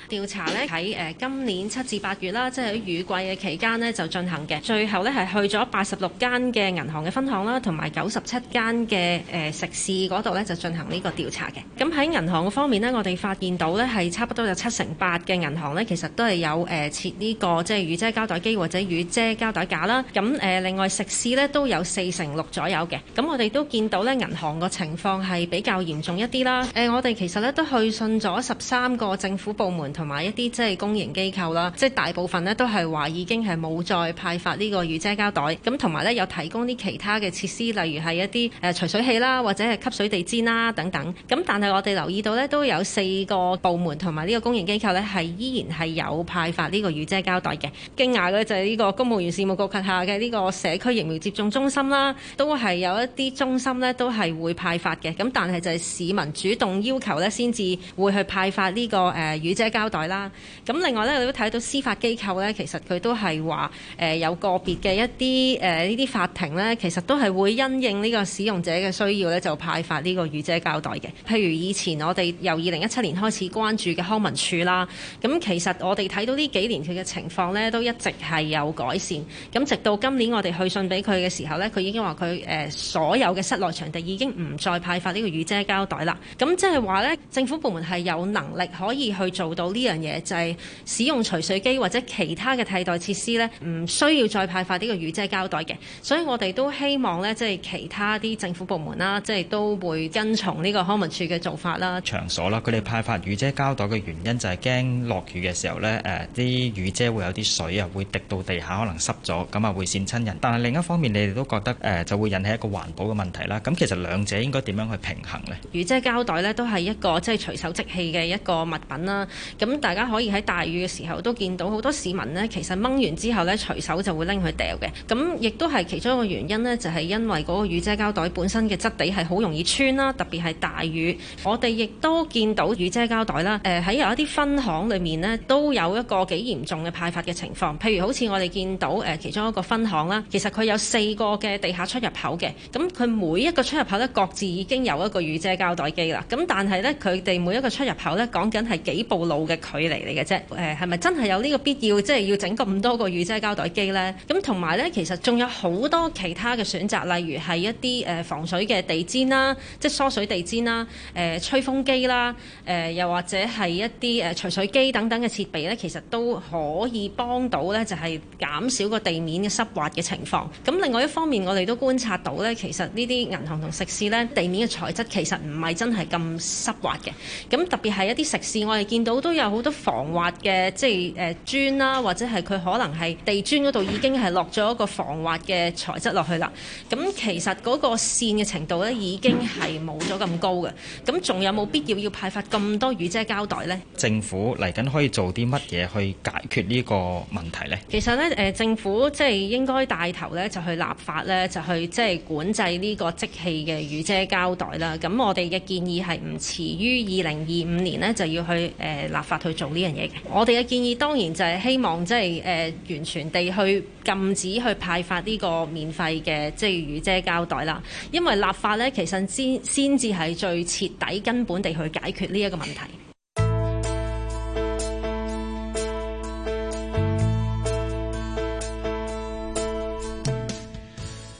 調查咧喺誒今年七至八月啦，即係喺雨季嘅期間呢，就進行嘅。最後咧係去咗八十六間嘅銀行嘅分行啦，同埋九十七間嘅誒食肆嗰度咧就進行呢個調查嘅。咁喺銀行方面呢，我哋發現到咧係差不多有七成八嘅銀行咧，其實都係有誒、呃、設呢、這個即係雨遮膠袋機或者雨遮膠袋架啦。咁、啊、誒、呃、另外食肆咧都有四成六左右嘅。咁、啊、我哋都見到咧銀行個情況係比較嚴重一啲啦。誒、啊、我哋其實咧都去信咗十三個政府部門。同埋一啲即係公營機構啦，即係大部分咧都係話已經係冇再派發呢個雨遮膠袋。咁同埋咧有提供啲其他嘅設施，例如係一啲誒除水器啦，或者係吸水地氈啦等等。咁但係我哋留意到咧，都有四個部門同埋呢個公營機構咧係依然係有派發呢個雨遮膠袋嘅。驚訝嘅就係呢個公務員事務局下嘅呢個社區疫苗接種中心啦，都係有一啲中心咧都係會派發嘅。咁但係就係市民主動要求咧先至會去派發呢個誒雨遮。膠袋啦。咁、嗯、另外咧，你都睇到司法機構咧，其實佢都係話誒有個別嘅一啲誒呢啲法庭咧，其實都係會因應呢個使用者嘅需要咧，就派發呢個雨遮膠袋嘅。譬如以前我哋由二零一七年開始關注嘅康文署啦，咁、嗯、其實我哋睇到呢幾年佢嘅情況咧，都一直係有改善。咁、嗯、直到今年我哋去信俾佢嘅時候咧，佢已經話佢誒所有嘅室內場地已經唔再派發呢個雨遮膠袋啦。咁即係話咧，政府部門係有能力可以去做到呢樣嘢就係使用除水機或者其他嘅替代設施咧，唔需要再派發呢個雨遮膠袋嘅。所以我哋都希望呢，即係其他啲政府部門啦，即係都會跟從呢個康文署嘅做法啦。場所啦，佢哋派發雨遮膠袋嘅原因就係驚落雨嘅時候呢，誒啲雨遮會有啲水啊，會滴到地下可能濕咗，咁啊會跣親人。但係另一方面，你哋都覺得誒就會引起一個環保嘅問題啦。咁其實兩者應該點樣去平衡呢？雨遮膠袋呢，都係一個即係、就是、隨手即棄嘅一個物品啦。咁、嗯、大家可以喺大雨嘅時候都見到好多市民呢，其實掹完之後呢，隨手就會拎佢掉嘅。咁、嗯、亦都係其中一個原因呢，就係、是、因為嗰個雨遮膠袋本身嘅質地係好容易穿啦，特別係大雨。我哋亦都見到雨遮膠袋啦，誒、呃、喺有一啲分行裏面呢，都有一個幾嚴重嘅派發嘅情況。譬如好似我哋見到誒、呃、其中一個分行啦，其實佢有四個嘅地下出入口嘅，咁、嗯、佢每一個出入口呢，各自已經有一個雨遮膠袋機啦。咁、嗯、但係呢，佢哋每一個出入口呢，講緊係幾步路。嘅距離嚟嘅啫，誒係咪真係有呢個必要，即係要整咁多個雨遮膠袋機呢？咁同埋呢，其實仲有好多其他嘅選擇，例如係一啲誒、呃、防水嘅地氈啦，即係疏水地氈啦，誒、呃、吹風機啦，誒、呃、又或者係一啲誒除水機等等嘅設備呢，其實都可以幫到呢，就係、是、減少個地面嘅濕滑嘅情況。咁另外一方面，我哋都觀察到呢，其實呢啲銀行同食肆呢，地面嘅材質其實唔係真係咁濕滑嘅。咁特別係一啲食肆，我哋見到都，都有好多防滑嘅即係誒、呃、磚啦，或者係佢可能係地磚嗰度已經係落咗一個防滑嘅材質落去啦。咁其實嗰個線嘅程度咧已經係冇咗咁高嘅。咁仲有冇必要要派發咁多雨遮膠袋咧？政府嚟緊可以做啲乜嘢去解決呢個問題咧？其實咧誒政府即係應該帶頭咧，就去立法咧，就去即係管制呢個即棄嘅雨遮膠袋啦。咁我哋嘅建議係唔遲於二零二五年咧就要去誒。呃立法去做呢樣嘢嘅，我哋嘅建議當然就係希望即係誒完全地去禁止去派發呢個免費嘅即係雨遮膠袋啦，因為立法咧其實先先至係最徹底根本地去解決呢一個問題。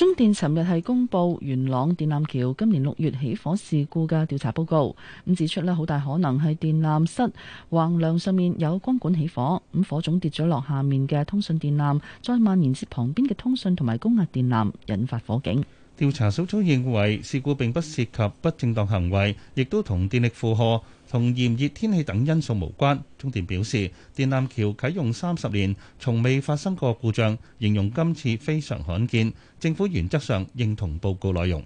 中電尋日係公布元朗電纜橋今年六月起火事故嘅調查報告，咁指出咧好大可能係電纜室橫梁上面有光管起火，咁火種跌咗落下面嘅通訊電纜，再蔓延至旁邊嘅通訊同埋高壓電纜，引發火警。調查小組,組認為事故並不涉及不正當行為，亦都同電力負荷。同炎熱天氣等因素無關，中電表示電纜橋啟用三十年，從未發生過故障，形容今次非常罕見。政府原則上認同報告內容。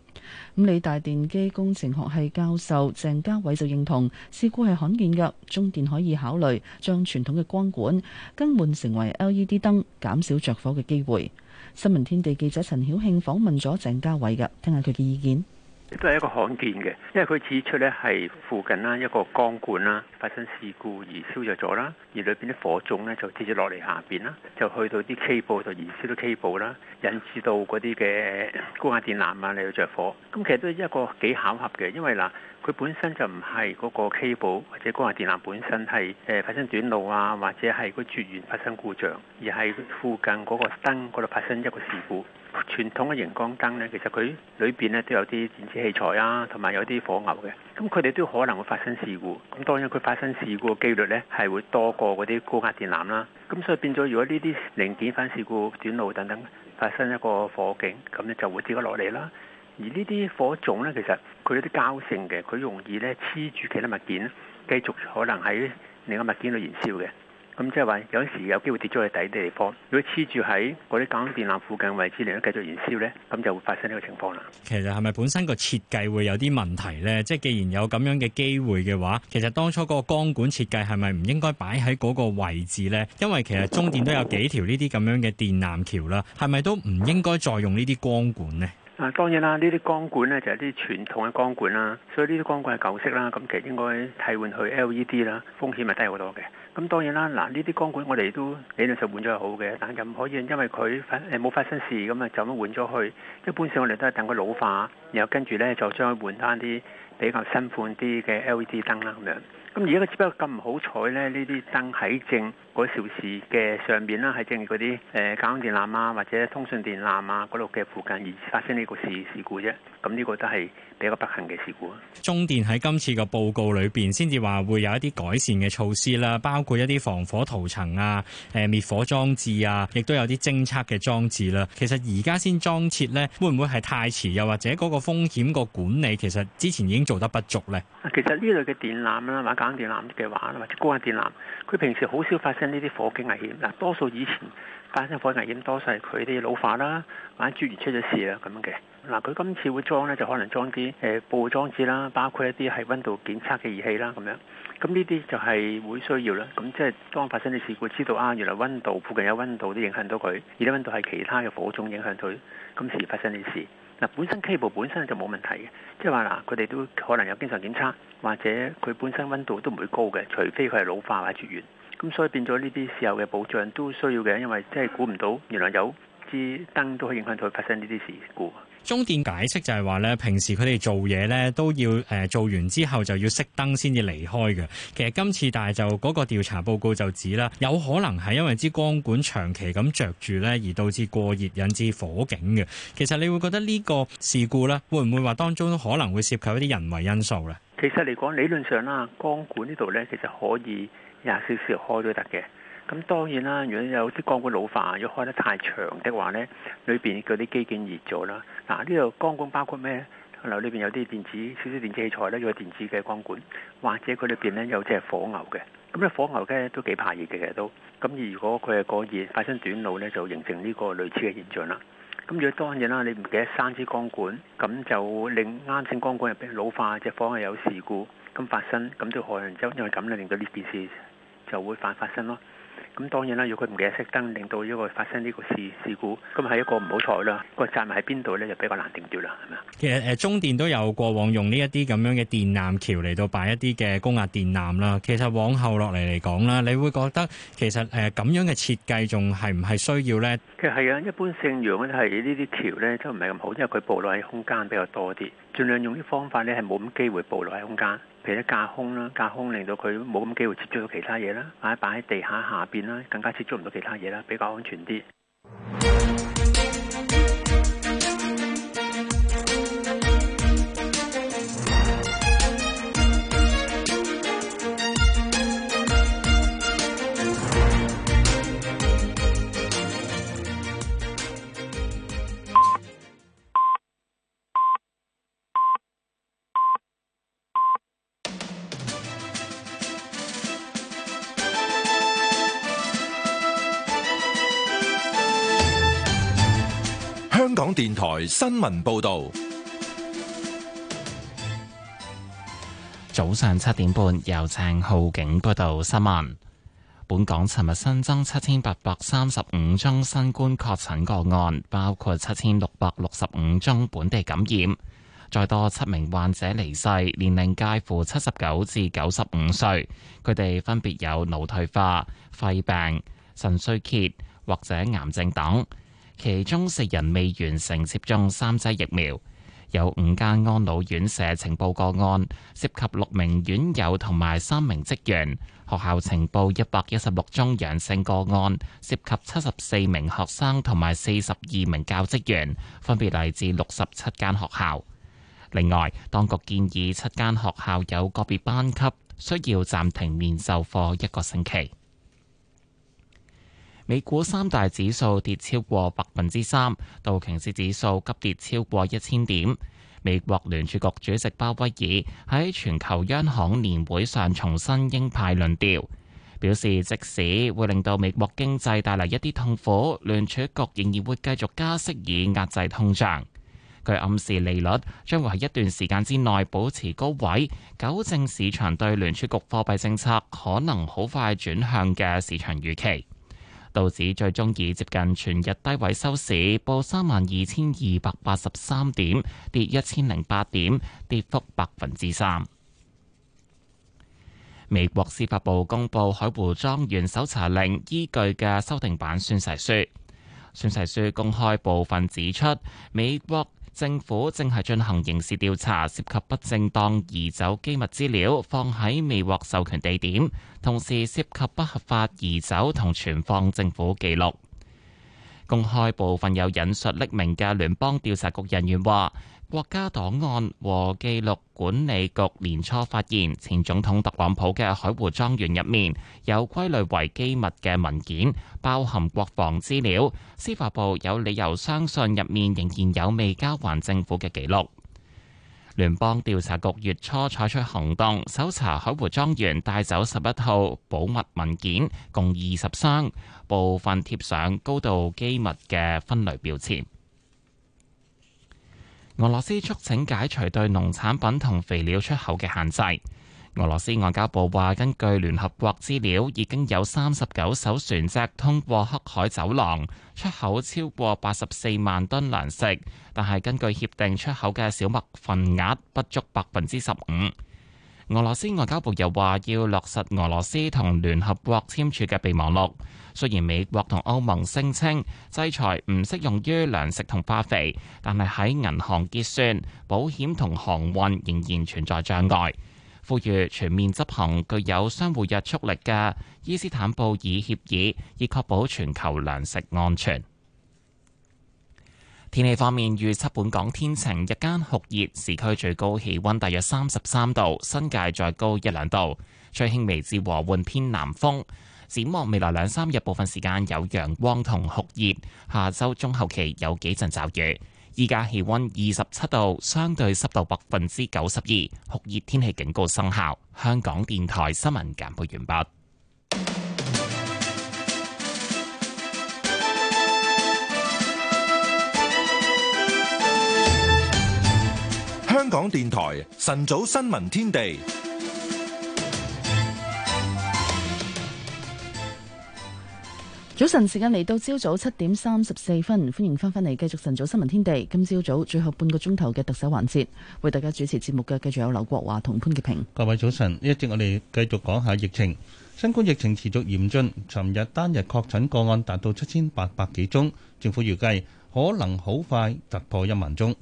咁理大電機工程學系教授鄭家偉就認同事故係罕見嘅，中電可以考慮將傳統嘅光管更換成為 LED 燈，減少著火嘅機會。新聞天地記者陳曉慶訪問咗鄭家偉嘅，聽下佢嘅意見。都係一個罕見嘅，因為佢指出咧係附近啦一個光管啦發生事故而燒着咗啦，而裏邊啲火種咧就直接落嚟下邊啦，就去到啲基布度燃燒到基布啦，引致到嗰啲嘅高壓電纜啊你要着火。咁其實都係一個幾巧合嘅，因為嗱佢本身就唔係嗰個基布或者高壓電纜本身係誒發生短路啊，或者係個絕緣發生故障，而係附近嗰個燈嗰度發生一個事故。傳統嘅熒光燈呢，其實佢裏邊呢都有啲電子器材啊，同埋有啲火牛嘅，咁佢哋都可能會發生事故。咁當然佢發生事故嘅機率呢係會多過嗰啲高壓電纜啦。咁所以變咗，如果呢啲零件發生事故、短路等等發生一個火警，咁呢就會跌咗落嚟啦。而呢啲火種呢，其實佢有啲膠性嘅，佢容易呢黐住其他物件，繼續可能喺另外物件度燃燒嘅。咁即係話有時有機會跌咗去底地方。如果黐住喺嗰啲架空電纜附近位置，嚟到繼續燃燒呢，咁就會發生呢個情況啦。其實係咪本身個設計會有啲問題呢？即係既然有咁樣嘅機會嘅話，其實當初嗰個光管設計係咪唔應該擺喺嗰個位置呢？因為其實中電都有幾條呢啲咁樣嘅電纜橋啦，係咪都唔應該再用呢啲光管呢？啊，當然啦，呢啲光管呢就係啲傳統嘅光管啦，所以呢啲光管係舊式啦，咁其實應該替換去 LED 啦，風險係低好多嘅。咁當然啦，嗱呢啲光管我哋都理論上換咗係好嘅，但係就唔可以因為佢反誒冇發生事咁啊，就咁換咗去。一般上我哋都係等佢老化，然後跟住咧就將佢換翻啲比較新款啲嘅 LED 燈啦咁樣。咁而家佢只不過咁唔好彩咧，呢啲燈喺正嗰小時嘅上面啦，喺正嗰啲誒架空電纜啊或者通訊電纜啊嗰度嘅附近而發生呢個事事故啫。咁呢個都係。一個不幸嘅事故啊！中電喺今次嘅報告裏邊，先至話會有一啲改善嘅措施啦，包括一啲防火塗層啊、誒、呃、滅火裝置啊，亦都有啲偵測嘅裝置啦。其實而家先裝設咧，會唔會係太遲？又或者嗰個風險個管理，其實之前已經做得不足咧？其實呢類嘅電纜啦，或者架空電纜嘅話，或者高壓電纜，佢平時好少發生呢啲火警危險。嗱，多數以前發生火警危險，多數係佢哋老化啦，或者絕緣出咗事啦，咁樣嘅。嗱，佢今次會裝呢，就可能裝啲誒報裝置啦，包括一啲係温度檢測嘅儀器啦，咁樣咁呢啲就係會需要啦。咁即係當發生啲事故，知道啊，原來温度附近有温度都影響到佢，而啲温度係其他嘅火種影響到佢今次發生啲事。嗱、啊，本身機布本身就冇問題嘅，即係話嗱，佢哋都可能有經常檢測，或者佢本身温度都唔會高嘅，除非佢係老化或者絕緣。咁所以變咗呢啲時候嘅保障都需要嘅，因為即係估唔到原來有支燈都可以影響到佢發生呢啲事故。中電解釋就係話咧，平時佢哋做嘢咧都要誒、呃、做完之後就要熄燈先至離開嘅。其實今次但係就嗰、那個調查報告就指啦，有可能係因為支光管長期咁着住咧，而導致過熱引致火警嘅。其實你會覺得呢個事故咧，會唔會話當中可能會涉及一啲人為因素咧？其實嚟講理論上啦，光管呢度咧其實可以廿小時開都得嘅。咁當然啦，如果有啲光管老化，要開得太長的話咧，裏邊嗰啲機件熱咗啦。嗱，呢度光管包括咩？嗱，裏邊有啲電子少少電子器材咧，有電子嘅光管，或者佢裏邊咧有隻火牛嘅。咁、嗯、咧火牛咧都幾怕熱嘅，其實都咁、嗯、如果佢係過熱發生短路咧，就形成呢個類似嘅現象啦。咁如果當然啦，你唔記得三支光管，咁就令啱先光管入邊老化嘅隻火係有事故咁發生，咁就害人。就因為咁咧，令到呢件事就會發，發生咯。咁當然啦，如果佢唔記得熄燈，令到呢個發生呢個事事故，咁係一個唔好彩啦。個站喺邊度咧，就比較難定奪啦，係咪啊？其實誒、呃，中電都有過往用呢一啲咁樣嘅電纜橋嚟到擺一啲嘅高壓電纜啦。其實往後落嚟嚟講啦，你會覺得其實誒咁、呃、樣嘅設計仲係唔係需要咧？其實係啊，一般性如果係呢啲橋咧，都唔係咁好，因為佢暴露喺空間比較多啲，儘量用啲方法咧係冇咁機會暴露喺空間。譬如架空啦，架空令到佢冇咁機會接觸到其他嘢啦，擺擺喺地下下邊啦，更加接觸唔到其他嘢啦，比較安全啲。電台新聞報道，早上七點半由鄭浩景報道新聞。本港尋日新增七千八百三十五宗新冠確診個案，包括七千六百六十五宗本地感染，再多七名患者離世，年齡介乎七十九至九十五歲，佢哋分別有腦退化、肺病、腎衰竭或者癌症等。其中四人未完成接種三劑疫苗，有五間安老院社情報個案，涉及六名院友同埋三名職員，學校情報一百一十六宗陽性個案，涉及七十四名學生同埋四十二名教職員，分別嚟自六十七間學校。另外，當局建議七間學校有個別班級需要暫停面授課一個星期。美股三大指數跌超過百分之三，道瓊斯指數急跌超過一千點，美國聯儲局主席鮑威爾喺全球央行年會上重申鷹派論調，表示即使會令到美國經濟帶嚟一啲痛苦，聯儲局仍然會繼續加息以壓制通脹，佢暗示利率將會喺一段時間之內保持高位，糾正市場對聯儲局貨幣政策可能好快轉向嘅市場預期。道指最終以接近全日低位收市，報三萬二千二百八十三點，跌一千零八點，跌幅百分之三。美國司法部公布海湖莊園搜查令依據嘅修訂版宣誓書，宣誓書公開部分指出美國政府正係進行刑事調查，涉及不正當移走機密資料，放喺未獲授權地點，同時涉及不合法移走同存放政府記錄。公開部分有引述匿名嘅聯邦調查局人員話。國家檔案和記錄管理局年初發現，前總統特朗普嘅海湖莊園入面有歸類為機密嘅文件，包含國防資料。司法部有理由相信，入面仍然有未交還政府嘅記錄。聯邦調查局月初採取行動，搜查海湖莊園，帶走十一套保密文件，共二十箱，部分貼上高度機密嘅分類標籤。俄羅斯促請解除對農產品同肥料出口嘅限制。俄羅斯外交部話，根據聯合國資料，已經有三十九艘船隻通過黑海走廊，出口超過八十四萬噸糧食，但係根據協定出口嘅小麥份額不足百分之十五。俄羅斯外交部又話，要落實俄羅斯同聯合國簽署嘅備忘錄。雖然美國同歐盟聲稱制裁唔適用於糧食同化肥，但係喺銀行結算、保險同航運仍然存在障礙。呼籲全面執行具有相互約束力嘅伊斯坦布爾協議，以確保全球糧食安全。天氣方面，預測本港天晴，日間酷熱，市區最高氣温大約三十三度，新界再高一兩度，吹輕微至和緩偏南風。展望未來兩三日，部分時間有陽光同酷熱，下週中後期有幾陣驟雨。依家氣温二十七度，相對濕度百分之九十二，酷熱天氣警告生效。香港電台新聞簡報完畢。香港電台晨早新聞天地。早晨時間嚟到，朝早七點三十四分，歡迎翻返嚟繼續晨早新聞天地。今朝早最後半個鐘頭嘅特首環節，為大家主持節目嘅，繼續有劉國華同潘潔平。各位早晨，呢一節我哋繼續講下疫情，新冠疫情持續嚴峻，尋日單日確診個案達到七千八百幾宗，政府預計可能好快突破一萬宗。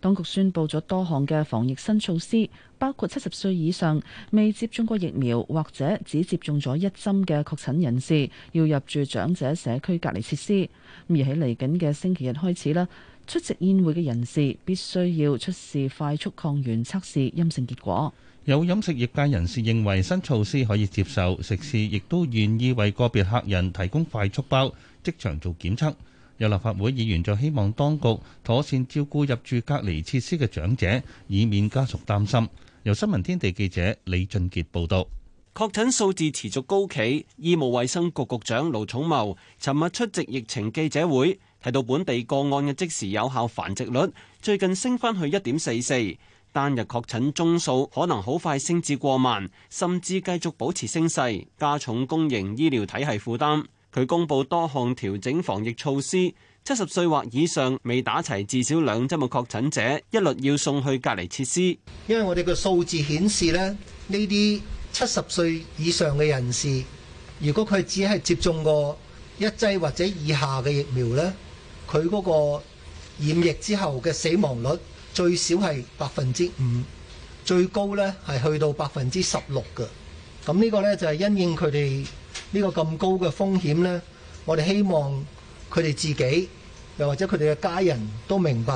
當局宣布咗多項嘅防疫新措施。包括七十歲以上未接種過疫苗或者只接種咗一針嘅確診人士，要入住長者社區隔離設施。而喺嚟緊嘅星期日開始啦，出席宴會嘅人士必須要出示快速抗原測試陰性結果。有飲食業界人士認為新措施可以接受，食肆亦都願意為個別客人提供快速包即場做檢測，有立法會議員就希望當局妥善照顧入住隔離設施嘅長者，以免家屬擔心。由新聞天地記者李俊杰報道，確診數字持續高企。醫務衛生局局長盧寵茂尋日出席疫情記者會，提到本地個案嘅即時有效繁殖率最近升翻去一點四四，單日確診宗數可能好快升至過萬，甚至繼續保持升勢，加重公營醫療體系負擔。佢公布多項調整防疫措施。七十歲或以上未打齊至少兩針嘅確診者，一律要送去隔離設施。因為我哋嘅數字顯示咧，呢啲七十歲以上嘅人士，如果佢只係接種過一劑或者以下嘅疫苗呢，佢嗰個染疫之後嘅死亡率最少係百分之五，最高呢係去到百分之十六嘅。咁呢個呢，就係因應佢哋呢個咁高嘅風險呢，我哋希望佢哋自己。又或者佢哋嘅家人都明白，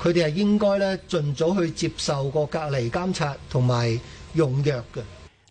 佢哋係應該咧，盡早去接受個隔離監察同埋用藥嘅。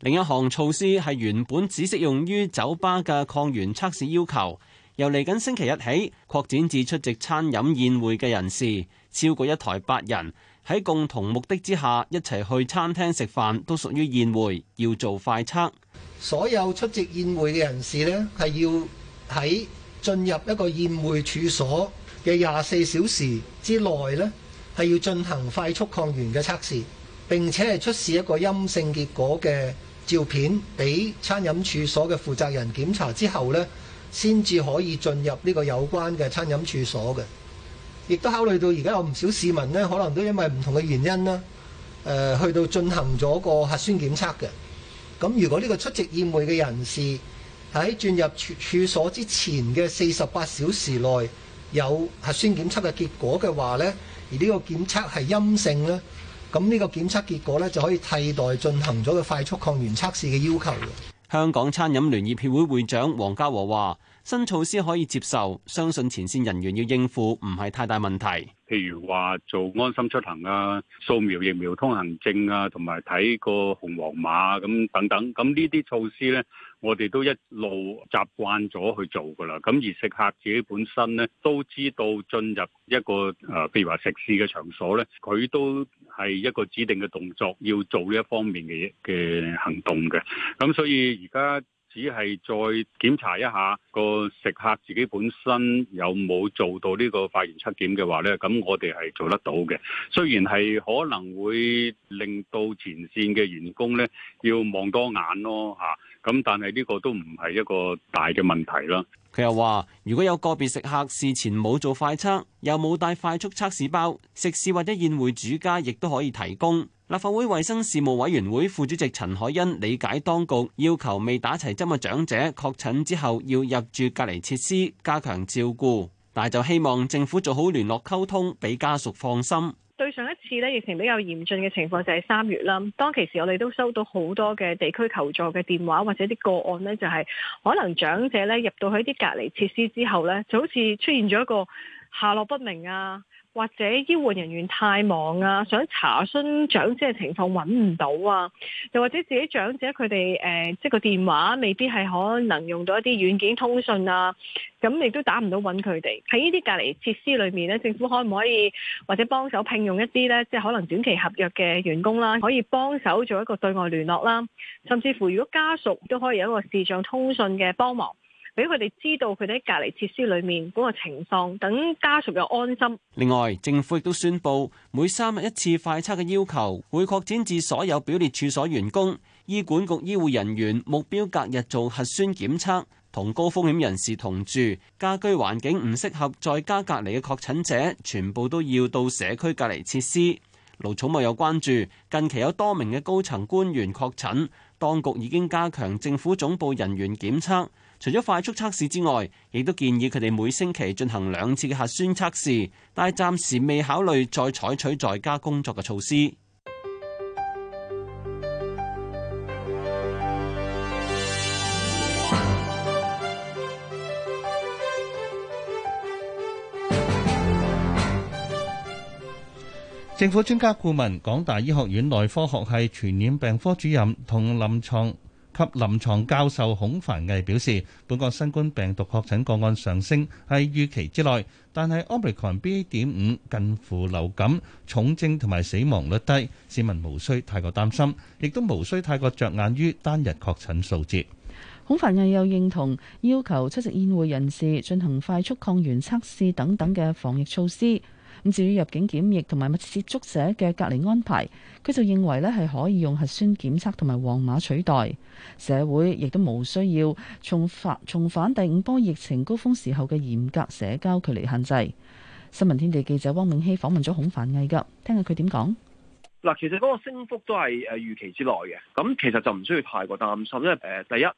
另一項措施係原本只適用於酒吧嘅抗原測試要求，由嚟緊星期一起擴展至出席餐飲宴會嘅人士，超過一台八人喺共同目的之下一齊去餐廳食飯都屬於宴會，要做快測。所有出席宴會嘅人士咧，係要喺進入一個宴會處所嘅廿四小時之內呢，係要進行快速抗原嘅測試，並且係出示一個陰性結果嘅照片俾餐飲處所嘅負責人檢查之後呢，先至可以進入呢個有關嘅餐飲處所嘅。亦都考慮到而家有唔少市民呢，可能都因為唔同嘅原因啦，誒、呃、去到進行咗個核酸檢測嘅。咁如果呢個出席宴會嘅人士喺進入處處所之前嘅四十八小時內，有核酸檢測嘅結果嘅話咧，而呢個檢測係陰性咧，咁呢個檢測結果咧就可以替代進行咗個快速抗原測試嘅要求。香港餐飲聯業協會會長黃家和話，新措施可以接受，相信前線人員要應付唔係太大問題，譬如話做安心出行啊、掃描疫苗通行證啊、同埋睇個紅黃碼咁等等，咁呢啲措施咧。我哋都一路習慣咗去做㗎喇，咁而食客自己本身呢，都知道進入一個誒，譬如話食肆嘅場所呢，佢都係一個指定嘅動作，要做呢一方面嘅嘅行動嘅。咁所以而家只係再檢查一下個食客自己本身有冇做到呢個發熱測檢嘅話呢，咁我哋係做得到嘅。雖然係可能會令到前線嘅員工呢要望多眼咯嚇。咁，但係呢個都唔係一個大嘅問題啦。佢又話，如果有個別食客事前冇做快測，又冇帶快速測試包，食肆或者宴會主家亦都可以提供。立法會衛生事務委員會副主席陳海欣理解當局要求未打齊針嘅長者確診之後要入住隔離設施加強照顧，但係就希望政府做好聯絡溝通，俾家屬放心。對上一次咧疫情比較嚴峻嘅情況就係三月啦，當其時我哋都收到好多嘅地區求助嘅電話或者啲個案呢，就係可能長者呢入到去啲隔離設施之後呢，就好似出現咗一個下落不明啊。或者醫護人員太忙啊，想查詢長者嘅情況揾唔到啊，又或者自己長者佢哋誒，即係個電話未必係可能用到一啲軟件通訊啊，咁亦都打唔到揾佢哋。喺呢啲隔離設施裏面咧，政府可唔可以或者幫手聘用一啲咧，即係可能短期合約嘅員工啦，可以幫手做一個對外聯絡啦，甚至乎如果家屬都可以有一個視像通訊嘅幫忙。俾佢哋知道佢哋喺隔離設施裏面嗰個情況，等家屬有安心。另外，政府亦都宣佈每三日一次快測嘅要求會擴展至所有表列處所員工、醫管局醫護人員，目標隔日做核酸檢測。同高風險人士同住、家居環境唔適合在家隔離嘅確診者，全部都要到社區隔離設施。盧寵茂冇有關注？近期有多名嘅高層官員確診，當局已經加強政府總部人員檢測。除咗快速測試之外，亦都建議佢哋每星期進行兩次嘅核酸測試，但係暫時未考慮再採取在家工作嘅措施。政府專家顧問、港大醫學院內科學系傳染病科主任同臨牀。及臨床教授孔繁毅表示，本港新冠病毒確診個案上升係預期之內，但係 Omicron BA. 點五近乎流感，重症同埋死亡率低，市民無需太過擔心，亦都無需太過着眼於單日確診數字。孔繁毅又認同要求出席宴會人士進行快速抗原測試等等嘅防疫措施。咁至於入境檢疫同埋密切接觸者嘅隔離安排。佢就認為咧係可以用核酸檢測同埋黃碼取代，社會亦都冇需要重返重返第五波疫情高峰時候嘅嚴格社交距離限制。新聞天地記者汪永熙訪問咗孔凡毅噶，聽下佢點講。嗱，其實嗰個升幅都係誒預期之內嘅，咁其實就唔需要太過擔心，因為第一誒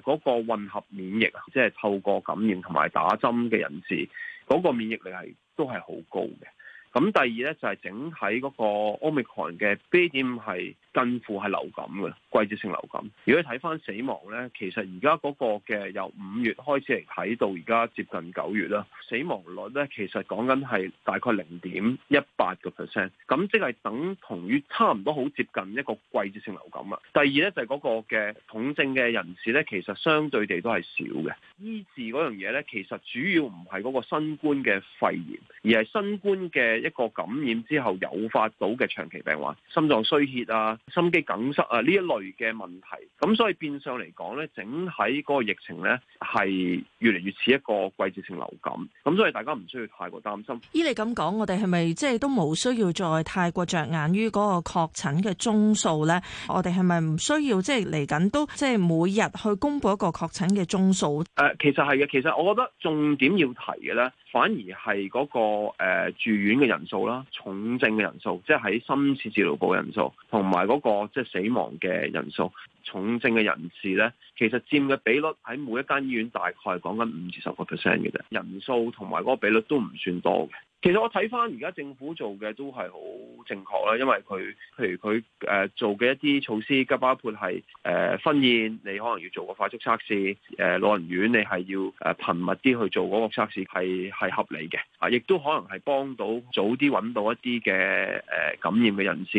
嗰個混合免疫，即係透過感染同埋打針嘅人士嗰個免疫力係都係好高嘅。咁第二咧就係整體嗰個 Omicron 嘅 B 點5係。近乎係流感嘅季節性流感。如果睇翻死亡咧，其實而家嗰個嘅由五月開始嚟睇到而家接近九月啦，死亡率咧其實講緊係大概零點一八個 percent。咁即係等同於差唔多好接近一個季節性流感啊。第二咧就係嗰個嘅統症嘅人士咧，其實相對地都係少嘅。醫治嗰樣嘢咧，其實主要唔係嗰個新冠嘅肺炎，而係新冠嘅一個感染之後誘發到嘅長期病患，心臟衰竭啊。心肌梗塞啊，呢一類嘅問題，咁所以變相嚟講咧，整體嗰個疫情咧係越嚟越似一個季節性流感，咁所以大家唔需要太過擔心。依你咁講，我哋係咪即係都冇需要再太過着眼於嗰個確診嘅宗數咧？我哋係咪唔需要即係嚟緊都即係每日去公佈一個確診嘅宗數？誒、呃，其實係嘅，其實我覺得重點要提嘅咧。反而係嗰、那個誒、呃、住院嘅人數啦，重症嘅人數，即係喺深切治療部人數，同埋嗰個即係死亡嘅人數。重症嘅人士咧，其實佔嘅比率喺每一間醫院大概講緊五至十個 percent 嘅啫，人數同埋嗰個比率都唔算多嘅。其實我睇翻而家政府做嘅都係好正確啦，因為佢譬如佢誒、呃、做嘅一啲措施，包括係誒婚宴你可能要做個快速測試，誒、呃、老人院你係要誒頻密啲去做嗰個測試，係係合理嘅，亦、啊、都可能係幫到早啲揾到一啲嘅誒感染嘅人士。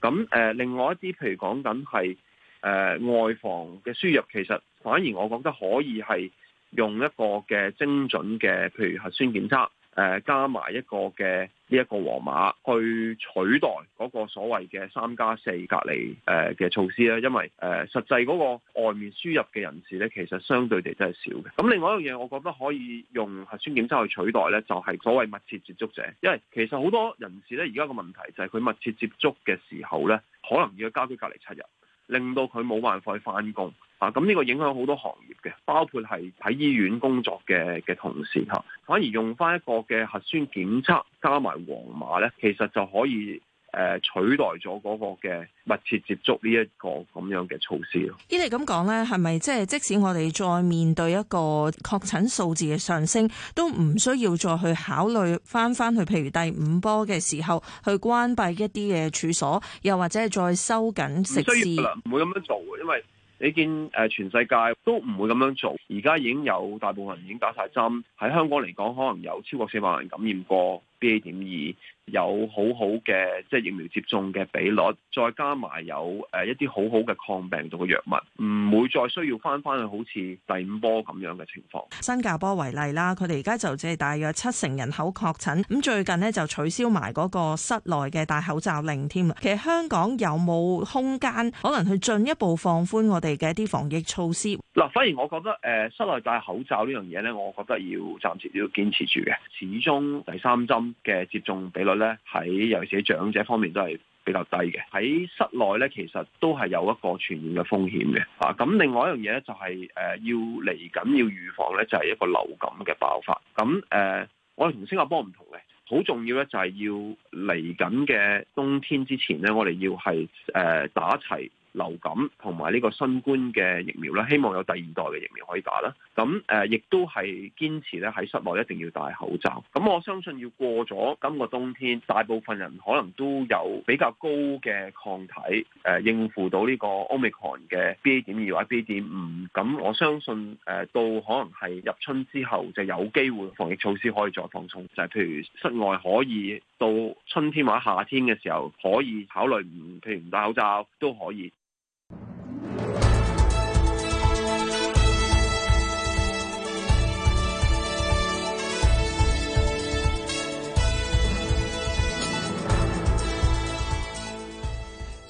咁誒、呃、另外一啲譬如講緊係。誒、呃、外防嘅輸入其實反而我覺得可以係用一個嘅精準嘅，譬如核酸檢測，誒、呃、加埋一個嘅呢一個黃碼去取代嗰個所謂嘅三加四隔離誒嘅、呃、措施啦。因為誒、呃、實際嗰個外面輸入嘅人士咧，其實相對地真係少嘅。咁另外一樣嘢，我覺得可以用核酸檢測去取代咧，就係、是、所謂密切接觸者，因為其實好多人士咧，而家個問題就係佢密切接觸嘅時候咧，可能要家居隔離七日。令到佢冇辦法去返工啊！咁、這、呢個影響好多行業嘅，包括係喺醫院工作嘅嘅同事吓、啊，反而用返一個嘅核酸檢測加埋黃碼呢其實就可以。誒取代咗嗰個嘅密切接觸呢一個咁樣嘅措施咯。依你咁講呢，係咪即係即使我哋再面對一個確診數字嘅上升，都唔需要再去考慮翻翻去，譬如第五波嘅時候去關閉一啲嘅處所，又或者係再收緊食肆？唔需要㗎啦，唔會咁樣做嘅，因為你見誒全世界都唔會咁樣做。而家已經有大部分人已經打晒針，喺香港嚟講，可能有超過四萬人感染過 B A. 點二。有好好嘅即係疫苗接種嘅比率，再加埋有誒一啲好好嘅抗病毒嘅藥物，唔會再需要翻翻去好似第五波咁樣嘅情況。新加坡為例啦，佢哋而家就只係大約七成人口確診，咁最近咧就取消埋嗰個室內嘅戴口罩令添。其實香港有冇空間可能去進一步放寬我哋嘅一啲防疫措施？嗱，反而我覺得誒室內戴口罩呢樣嘢咧，我覺得要暫時要堅持住嘅，始終第三針嘅接種比率。咧喺尤其是喺長者方面都係比較低嘅，喺室內咧其實都係有一個傳染嘅風險嘅啊！咁另外一樣嘢咧就係誒要嚟緊要預防咧，就係、是、一個流感嘅爆發。咁誒、呃，我哋同新加坡唔同嘅，好重要咧就係要嚟緊嘅冬天之前咧，我哋要係誒、呃、打齊流感同埋呢個新冠嘅疫苗咧，希望有第二代嘅疫苗可以打啦。咁誒，亦都係堅持咧喺室內一定要戴口罩。咁我相信要過咗今個冬天，大部分人可能都有比較高嘅抗體，誒應付到呢個 Omicron 嘅 B. 點二或 B. 點五。咁我相信誒到可能係入春之後，就有機會防疫措施可以再放鬆，就係、是、譬如室外可以到春天或者夏天嘅時候，可以考慮唔譬如唔戴口罩都可以。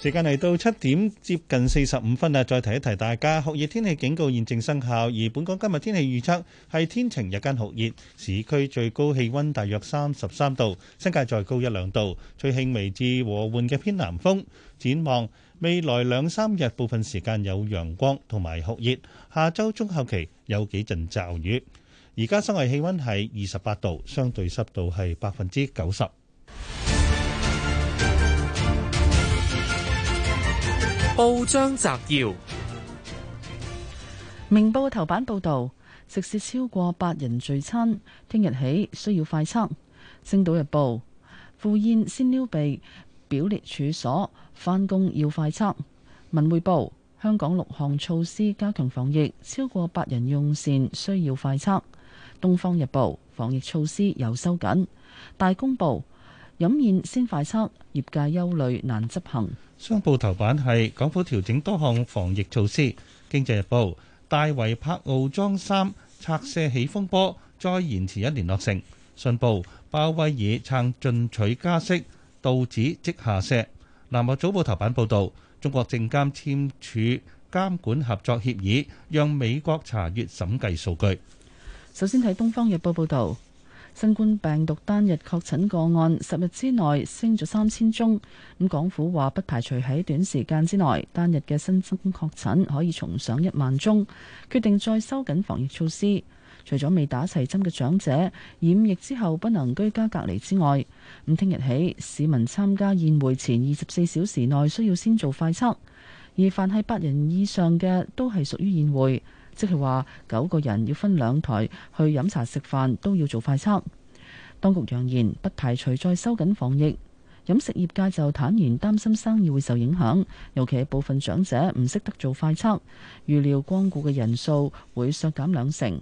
時間嚟到七點接近四十五分啦，再提一提，大家酷熱天氣警告現正生效，而本港今日天氣預測係天晴，日間酷熱，市區最高氣溫大約三十三度，新界再高一兩度，吹輕微至和緩嘅偏南風，展望。未來兩三日部分時間有陽光同埋酷熱，下周中後期有幾陣驟雨。而家室外氣温係二十八度，相對濕度係百分之九十。報章摘要：明報頭版報導，食肆超過八人聚餐，聽日起需要快測。星島日報：赴宴先撩鼻，表列處所。返工要快測。文匯報：香港六項措施加強防疫，超過八人用膳需要快測。東方日報：防疫措施又收緊。大公報：飲宴先快測，業界憂慮難執行。商報頭版係港府調整多項防疫措施。經濟日報：大圍柏傲莊三拆卸起風波，再延遲一年落成。信報：鮑威爾撐進取加息，道指即下瀉。南華早報頭版報導，中國證監簽署監管合作協議，讓美國查閱審計數據。首先睇《東方日報》報導，新冠病毒單日確診個案十日之內升咗三千宗。咁港府話不排除喺短時間之內單日嘅新增確診可以重上一萬宗，決定再收緊防疫措施。除咗未打齊針嘅長者，染疫之後不能居家隔離之外，咁聽日起市民參加宴會前二十四小時內需要先做快測，而凡係八人以上嘅都係屬於宴會，即係話九個人要分兩台去飲茶食飯都要做快測。當局揚言不排除再收緊防疫，飲食業界就坦言擔心生意會受影響，尤其係部分長者唔識得做快測，預料光顧嘅人數會削減兩成。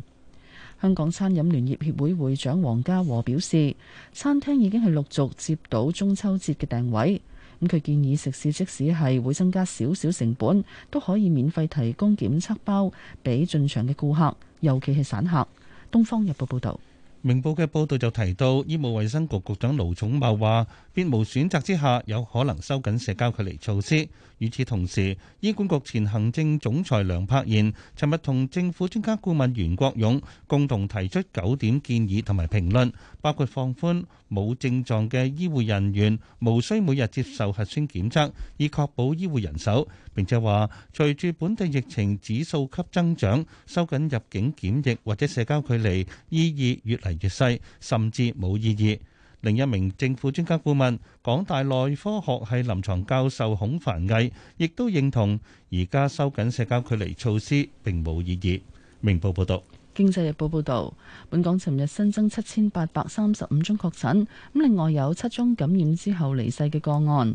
香港餐飲聯業協會會長黃家和表示，餐廳已經係陸續接到中秋節嘅訂位。咁佢建議食肆即使係會增加少少成本，都可以免費提供檢測包俾進場嘅顧客，尤其係散客。東方日報報道，明報嘅報道就提到，醫務衛生局局長盧寵茂話，別無選擇之下，有可能收緊社交距離措施。與此同時，醫管局前行政總裁梁柏賢尋日同政府專家顧問袁國勇共同提出九點建議同埋評論，包括放寬冇症狀嘅醫護人員無需每日接受核酸檢測，以確保醫護人手。並且話，隨住本地疫情指數級增長，收緊入境檢疫或者社交距離意義越嚟越細，甚至冇意義。另一名政府專家顧問、港大內科學系臨床教授孔凡毅，亦都認同，而家收緊社交距離措施並冇意義。明報報道。《經濟日報》報道，本港尋日新增七千八百三十五宗確診，咁另外有七宗感染之後離世嘅個案，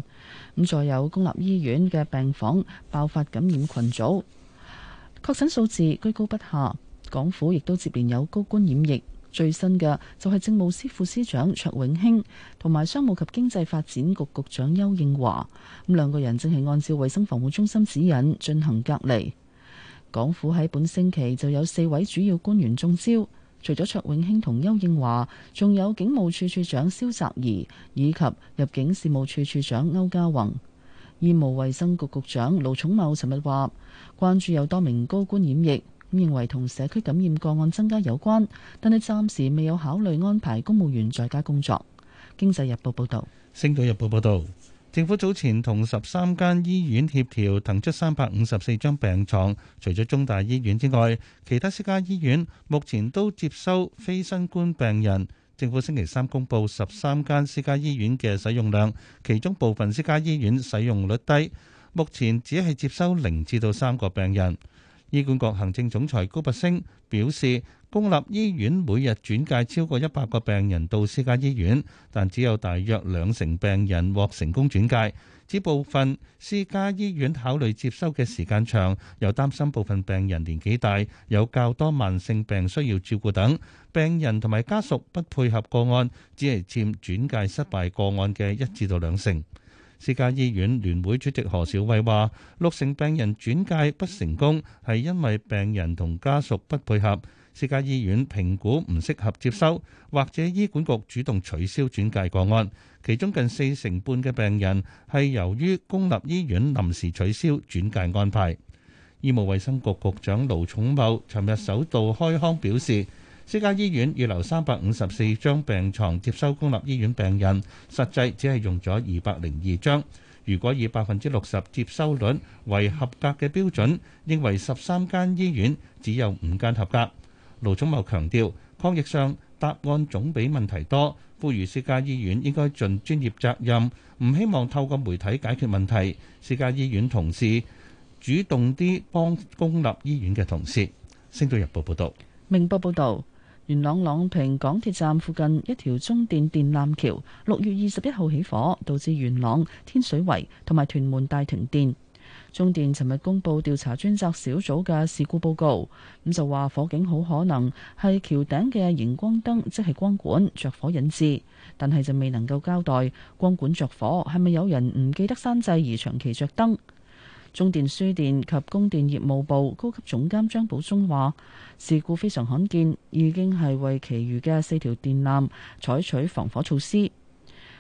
咁再有公立醫院嘅病房爆發感染群組，確診數字居高不下，港府亦都接連有高官染疫。最新嘅就係政務司副司長卓永興同埋商務及經濟發展局局長邱應華，咁兩個人正係按照衛生防護中心指引進行隔離。港府喺本星期就有四位主要官員中招，除咗卓永興同邱應華，仲有警務處處長蕭澤頤以及入境事務處處長區嘉宏，醫務衛生局局長盧寵茂尋日話關注有多名高官染疫。咁認為同社區感染個案增加有關，但係暫時未有考慮安排公務員在家工作。經濟日報報導，星島日報報導，政府早前同十三間醫院協調騰出三百五十四張病床。除咗中大醫院之外，其他私家醫院目前都接收非新冠病人。政府星期三公布十三間私家醫院嘅使用量，其中部分私家醫院使用率低，目前只係接收零至到三個病人。醫管局行政總裁高拔升表示，公立醫院每日轉介超過一百個病人到私家醫院，但只有大約兩成病人獲成功轉介。指部分私家醫院考慮接收嘅時間長，又擔心部分病人年紀大，有較多慢性病需要照顧等，病人同埋家屬不配合個案，只係佔轉介失敗個案嘅一至到兩成。私家醫院聯會主席何小威話：六成病人轉介不成功，係因為病人同家屬不配合，私家醫院評估唔適合接收，或者醫管局主動取消轉介個案。其中近四成半嘅病人係由於公立醫院臨時取消轉介安排。醫務衛生局局長盧寵茂尋日首度開腔表示。私家醫院預留三百五十四張病床接收公立醫院病人，實際只係用咗二百零二張。如果以百分之六十接收率為合格嘅標準，認為十三間醫院只有五間合格。盧寵茂強調，抗疫上答案總比問題多，呼籲私家醫院應該盡專業責任，唔希望透過媒體解決問題。私家醫院同事主動啲幫公立醫院嘅同事。星島日報報道。明報報道。元朗朗平港鐵站附近一條中電電纜橋，六月二十一號起火，導致元朗天水圍同埋屯門大停電。中電尋日公布調查專責小組嘅事故報告，咁就話火警好可能係橋頂嘅熒光燈，即係光管着火引致，但係就未能夠交代光管着火係咪有人唔記得閂制而長期着燈。中電輸電及供電業務部高級總監張寶忠話：事故非常罕見，已經係為其餘嘅四條電纜採取防火措施。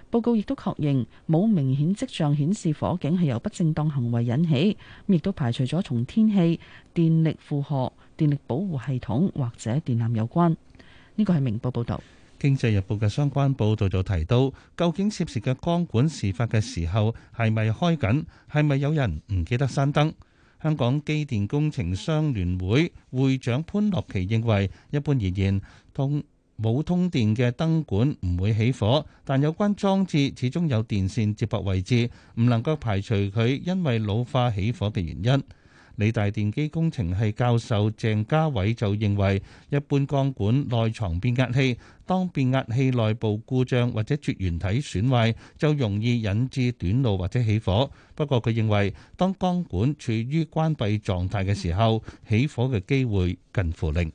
報告亦都確認冇明顯跡象顯示火警係由不正當行為引起，亦都排除咗同天氣、電力負荷、電力保護系統或者電纜有關。呢個係明報報道。經濟日報嘅相關報道就提到，究竟涉事嘅光管事發嘅時候係咪開緊，係咪有人唔記得閂燈？香港機電工程商聯會會長潘樂琪認為，一般而言，言，通冇通電嘅燈管唔會起火，但有關裝置始終有電線接駁位置，唔能夠排除佢因為老化起火嘅原因。理大電機工程系教授鄭家偉就認為，一般鋼管內藏變壓器，當變壓器內部故障或者絕緣體損壞，就容易引致短路或者起火。不過，佢認為當鋼管處於關閉狀態嘅時候，起火嘅機會近乎零。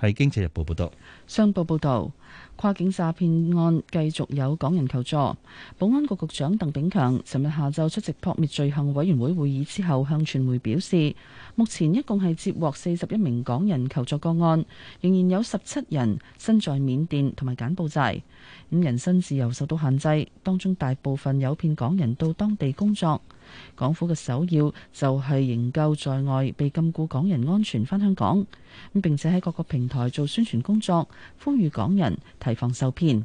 係《經濟日報》報道，商報報道。跨境詐騙案繼續有港人求助，保安局局長鄧炳強尋日下晝出席撲滅罪行委員會會議之後，向傳媒表示，目前一共係接獲四十一名港人求助個案，仍然有十七人身在緬甸同埋柬埔寨，咁人身自由受到限制，當中大部分誘騙港人到當地工作。港府嘅首要就係營救在外被禁錮港人安全返香港，咁並且喺各個平台做宣傳工作，呼籲港人提防受騙。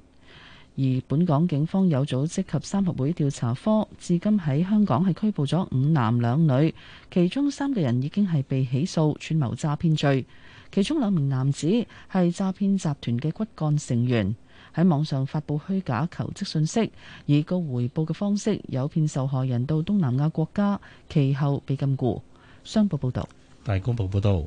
而本港警方有組織及三合會調查科，至今喺香港係拘捕咗五男兩女，其中三個人已經係被起訴串謀詐騙罪。其中兩名男子係詐騙集團嘅骨幹成員，喺網上發布虛假求職信息，以高回報嘅方式誘騙受害人到東南亞國家，其後被禁錮。商報報道，大公報報道。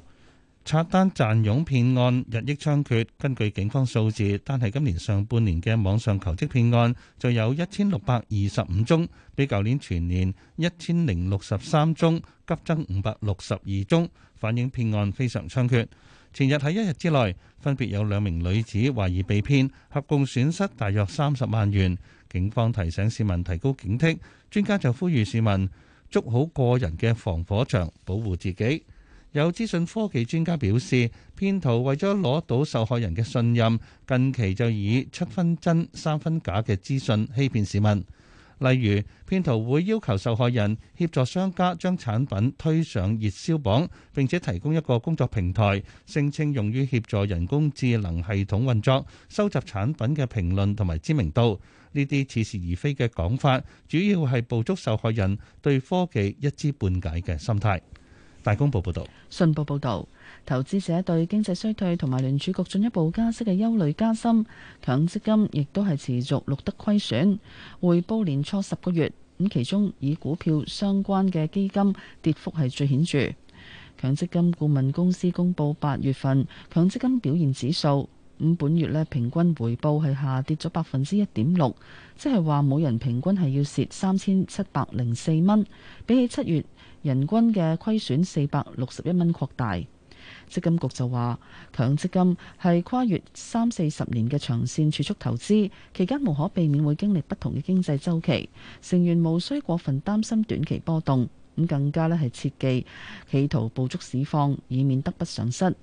刷單賺佣騙案日益猖獗，根據警方數字，單係今年上半年嘅網上求職騙案就有一千六百二十五宗，比舊年全年一千零六十三宗急增五百六十二宗，反映騙案非常猖獗。前日喺一日之內，分別有兩名女子懷疑被騙，合共損失大約三十萬元。警方提醒市民提高警惕，專家就呼籲市民捉好個人嘅防火牆，保護自己。有資訊科技專家表示，騙徒為咗攞到受害人嘅信任，近期就以七分真三分假嘅資訊欺騙市民。例如，騙徒會要求受害人協助商家將產品推上熱銷榜，並且提供一個工作平台，聲稱用於協助人工智能系統運作，收集產品嘅評論同埋知名度。呢啲似是而非嘅講法，主要係捕捉受害人對科技一知半解嘅心態。大公報報道，信報報道，投資者對經濟衰退同埋聯儲局進一步加息嘅憂慮加深，強積金亦都係持續錄得虧損，回報年初十個月，咁其中以股票相關嘅基金跌幅係最顯著。強積金顧問公司公布八月份強積金表現指數。咁本月呢，平均回報係下跌咗百分之一點六，即係話每人平均係要蝕三千七百零四蚊，比起七月人均嘅虧損四百六十一蚊擴大。積金局就話，強積金係跨越三四十年嘅長線儲蓄投資，期間無可避免會經歷不同嘅經濟周期，成員無需過分擔心短期波動，咁更加呢係切忌企圖捕捉市況，以免得不償失。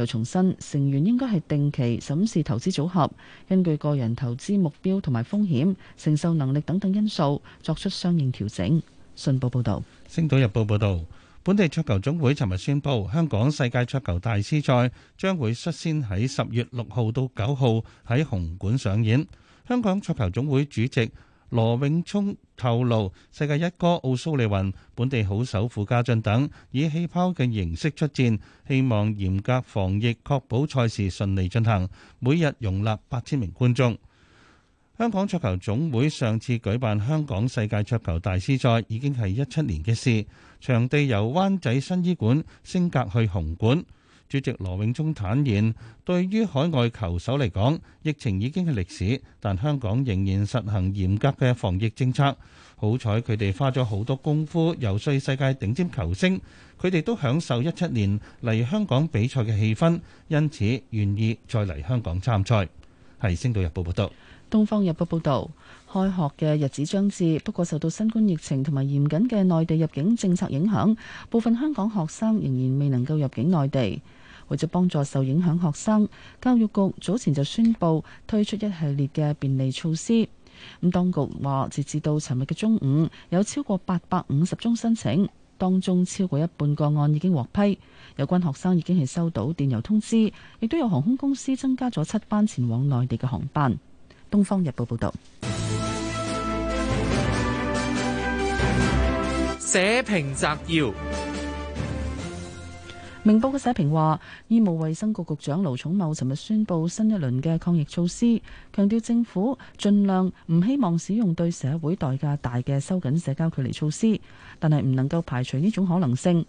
又重申成員應該係定期審視投資組合，根據個人投資目標同埋風險承受能力等等因素作出相應調整。信報報導，《星島日報》報導，本地桌球總會尋日宣布，香港世界桌球大師賽將會率先喺十月六號到九號喺紅館上演。香港桌球總會主席，羅永聰透露，世界一哥奧蘇利雲、本地好手傅家俊等以氣泡嘅形式出戰，希望嚴格防疫，確保賽事順利進行，每日容納八千名觀眾。香港桌球總會上次舉辦香港世界桌球大師賽，已經係一七年嘅事，場地由灣仔新伊館升格去紅館。主席羅永忠坦言，對於海外球手嚟講，疫情已經係歷史，但香港仍然實行嚴格嘅防疫政策。好彩佢哋花咗好多功夫游說世界頂尖球星，佢哋都享受一七年嚟香港比賽嘅氣氛，因此願意再嚟香港參賽。係《星島日報》報道，《東方日報》報道，開學嘅日子將至，不過受到新冠疫情同埋嚴謹嘅內地入境政策影響，部分香港學生仍然未能夠入境內地。為咗幫助受影響學生，教育局早前就宣布推出一系列嘅便利措施。咁當局話，截至到尋日嘅中午，有超過八百五十宗申請，當中超過一半個案已經獲批。有關學生已經係收到電郵通知，亦都有航空公司增加咗七班前往內地嘅航班。東方日報報道。社評摘要。明報嘅社評話，醫務衛生局局長盧寵茂尋日宣布新一輪嘅抗疫措施，強調政府盡量唔希望使用對社會代價大嘅收緊社交距離措施，但係唔能夠排除呢種可能性。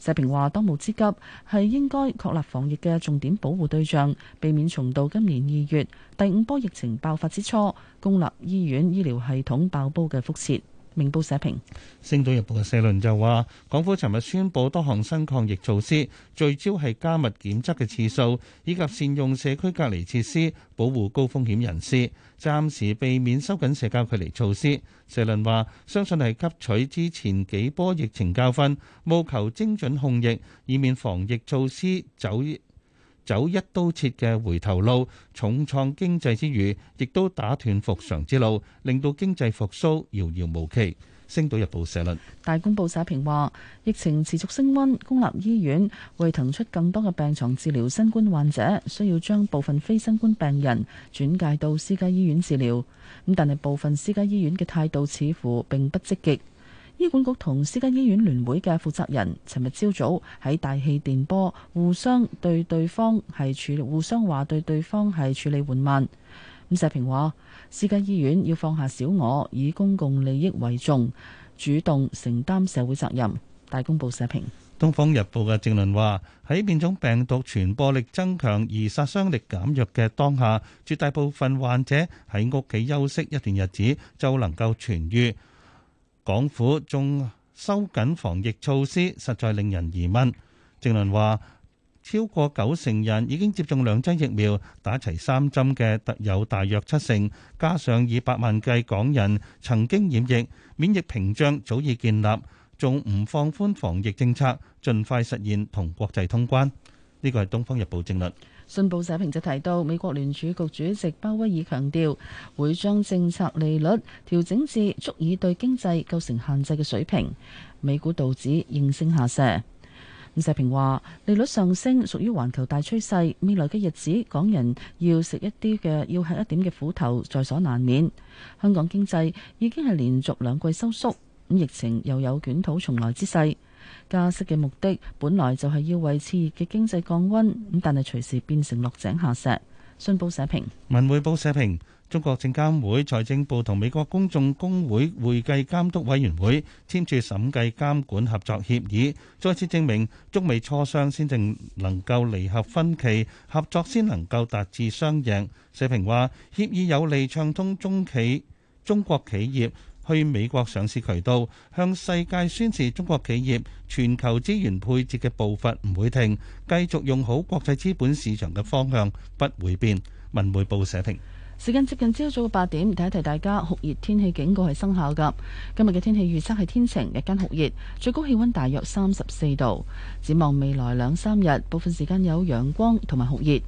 社評話，當務之急係應該確立防疫嘅重點保護對象，避免重蹈今年二月第五波疫情爆發之初公立醫院醫療系統爆煲嘅覆轍。明報社評，《星島日報》嘅社論就話，港府尋日宣佈多項新抗疫措施，聚焦係加密檢測嘅次數，以及善用社區隔離設施，保護高風險人士，暫時避免收緊社交距離措施。社論話，相信係吸取之前幾波疫情教訓，務求精準控疫，以免防疫措施走走一刀切嘅回頭路，重創經濟之餘，亦都打斷復常之路，令到經濟復蘇遙遙無期。星島日報社論，大公報社評話：疫情持續升溫，公立醫院為騰出更多嘅病床治療新冠患者，需要將部分非新冠病人轉介到私家醫院治療。咁，但係部分私家醫院嘅態度似乎並不積極。醫管局同私家醫院聯會嘅負責人，尋日朝早喺大氣電波，互相對對方係處理，互相話對對方係處理緩慢。咁社評話：私家醫院要放下小我，以公共利益為重，主動承擔社會責任。大公報社評，《東方日報》嘅正論話：喺變種病毒傳播力增強而殺傷力減弱嘅當下，絕大部分患者喺屋企休息一段日子就能夠痊癒。港府仲收緊防疫措施，實在令人疑問，正論話超過九成人已經接種兩劑疫苗，打齊三針嘅特有大約七成，加上以百萬計港人曾經染疫，免疫屏障早已建立，仲唔放寬防疫政策，盡快實現同國際通關，呢個係東方日報正論。信報社評就提到，美國聯儲局主席鮑威爾強調，會將政策利率調整至足以對經濟構成限制嘅水平。美股道指應聲下瀉。咁社評話，利率上升屬於環球大趨勢，未來嘅日子，港人要食一啲嘅，要吃一點嘅苦頭，在所難免。香港經濟已經係連續兩季收縮，咁疫情又有捲土重來之勢。加息嘅目的本來就係要為熾熱嘅經濟降温，咁但係隨時變成落井下石。信報社評。文匯報社評，中國證監會、財政部同美國公眾工會會計監督委員會簽署審計監管合作協議，再次證明中美磋商先正能夠彌合分歧，合作先能夠達至雙贏。社評話，協議有利暢通中企，中國企業。去美國上市渠道，向世界宣示中國企業全球資源配置嘅步伐唔會停，繼續用好國際資本市場嘅方向不會變。文匯報社評。時間接近朝早嘅八點，提一提大家酷熱天氣警告係生效噶。今日嘅天氣預測係天晴，日間酷熱，最高氣温大約三十四度。展望未來兩三日，部分時間有陽光同埋酷熱。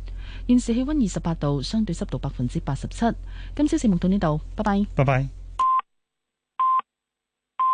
現時氣温二十八度，相對濕度百分之八十七。今朝節目到呢度，拜拜。拜拜。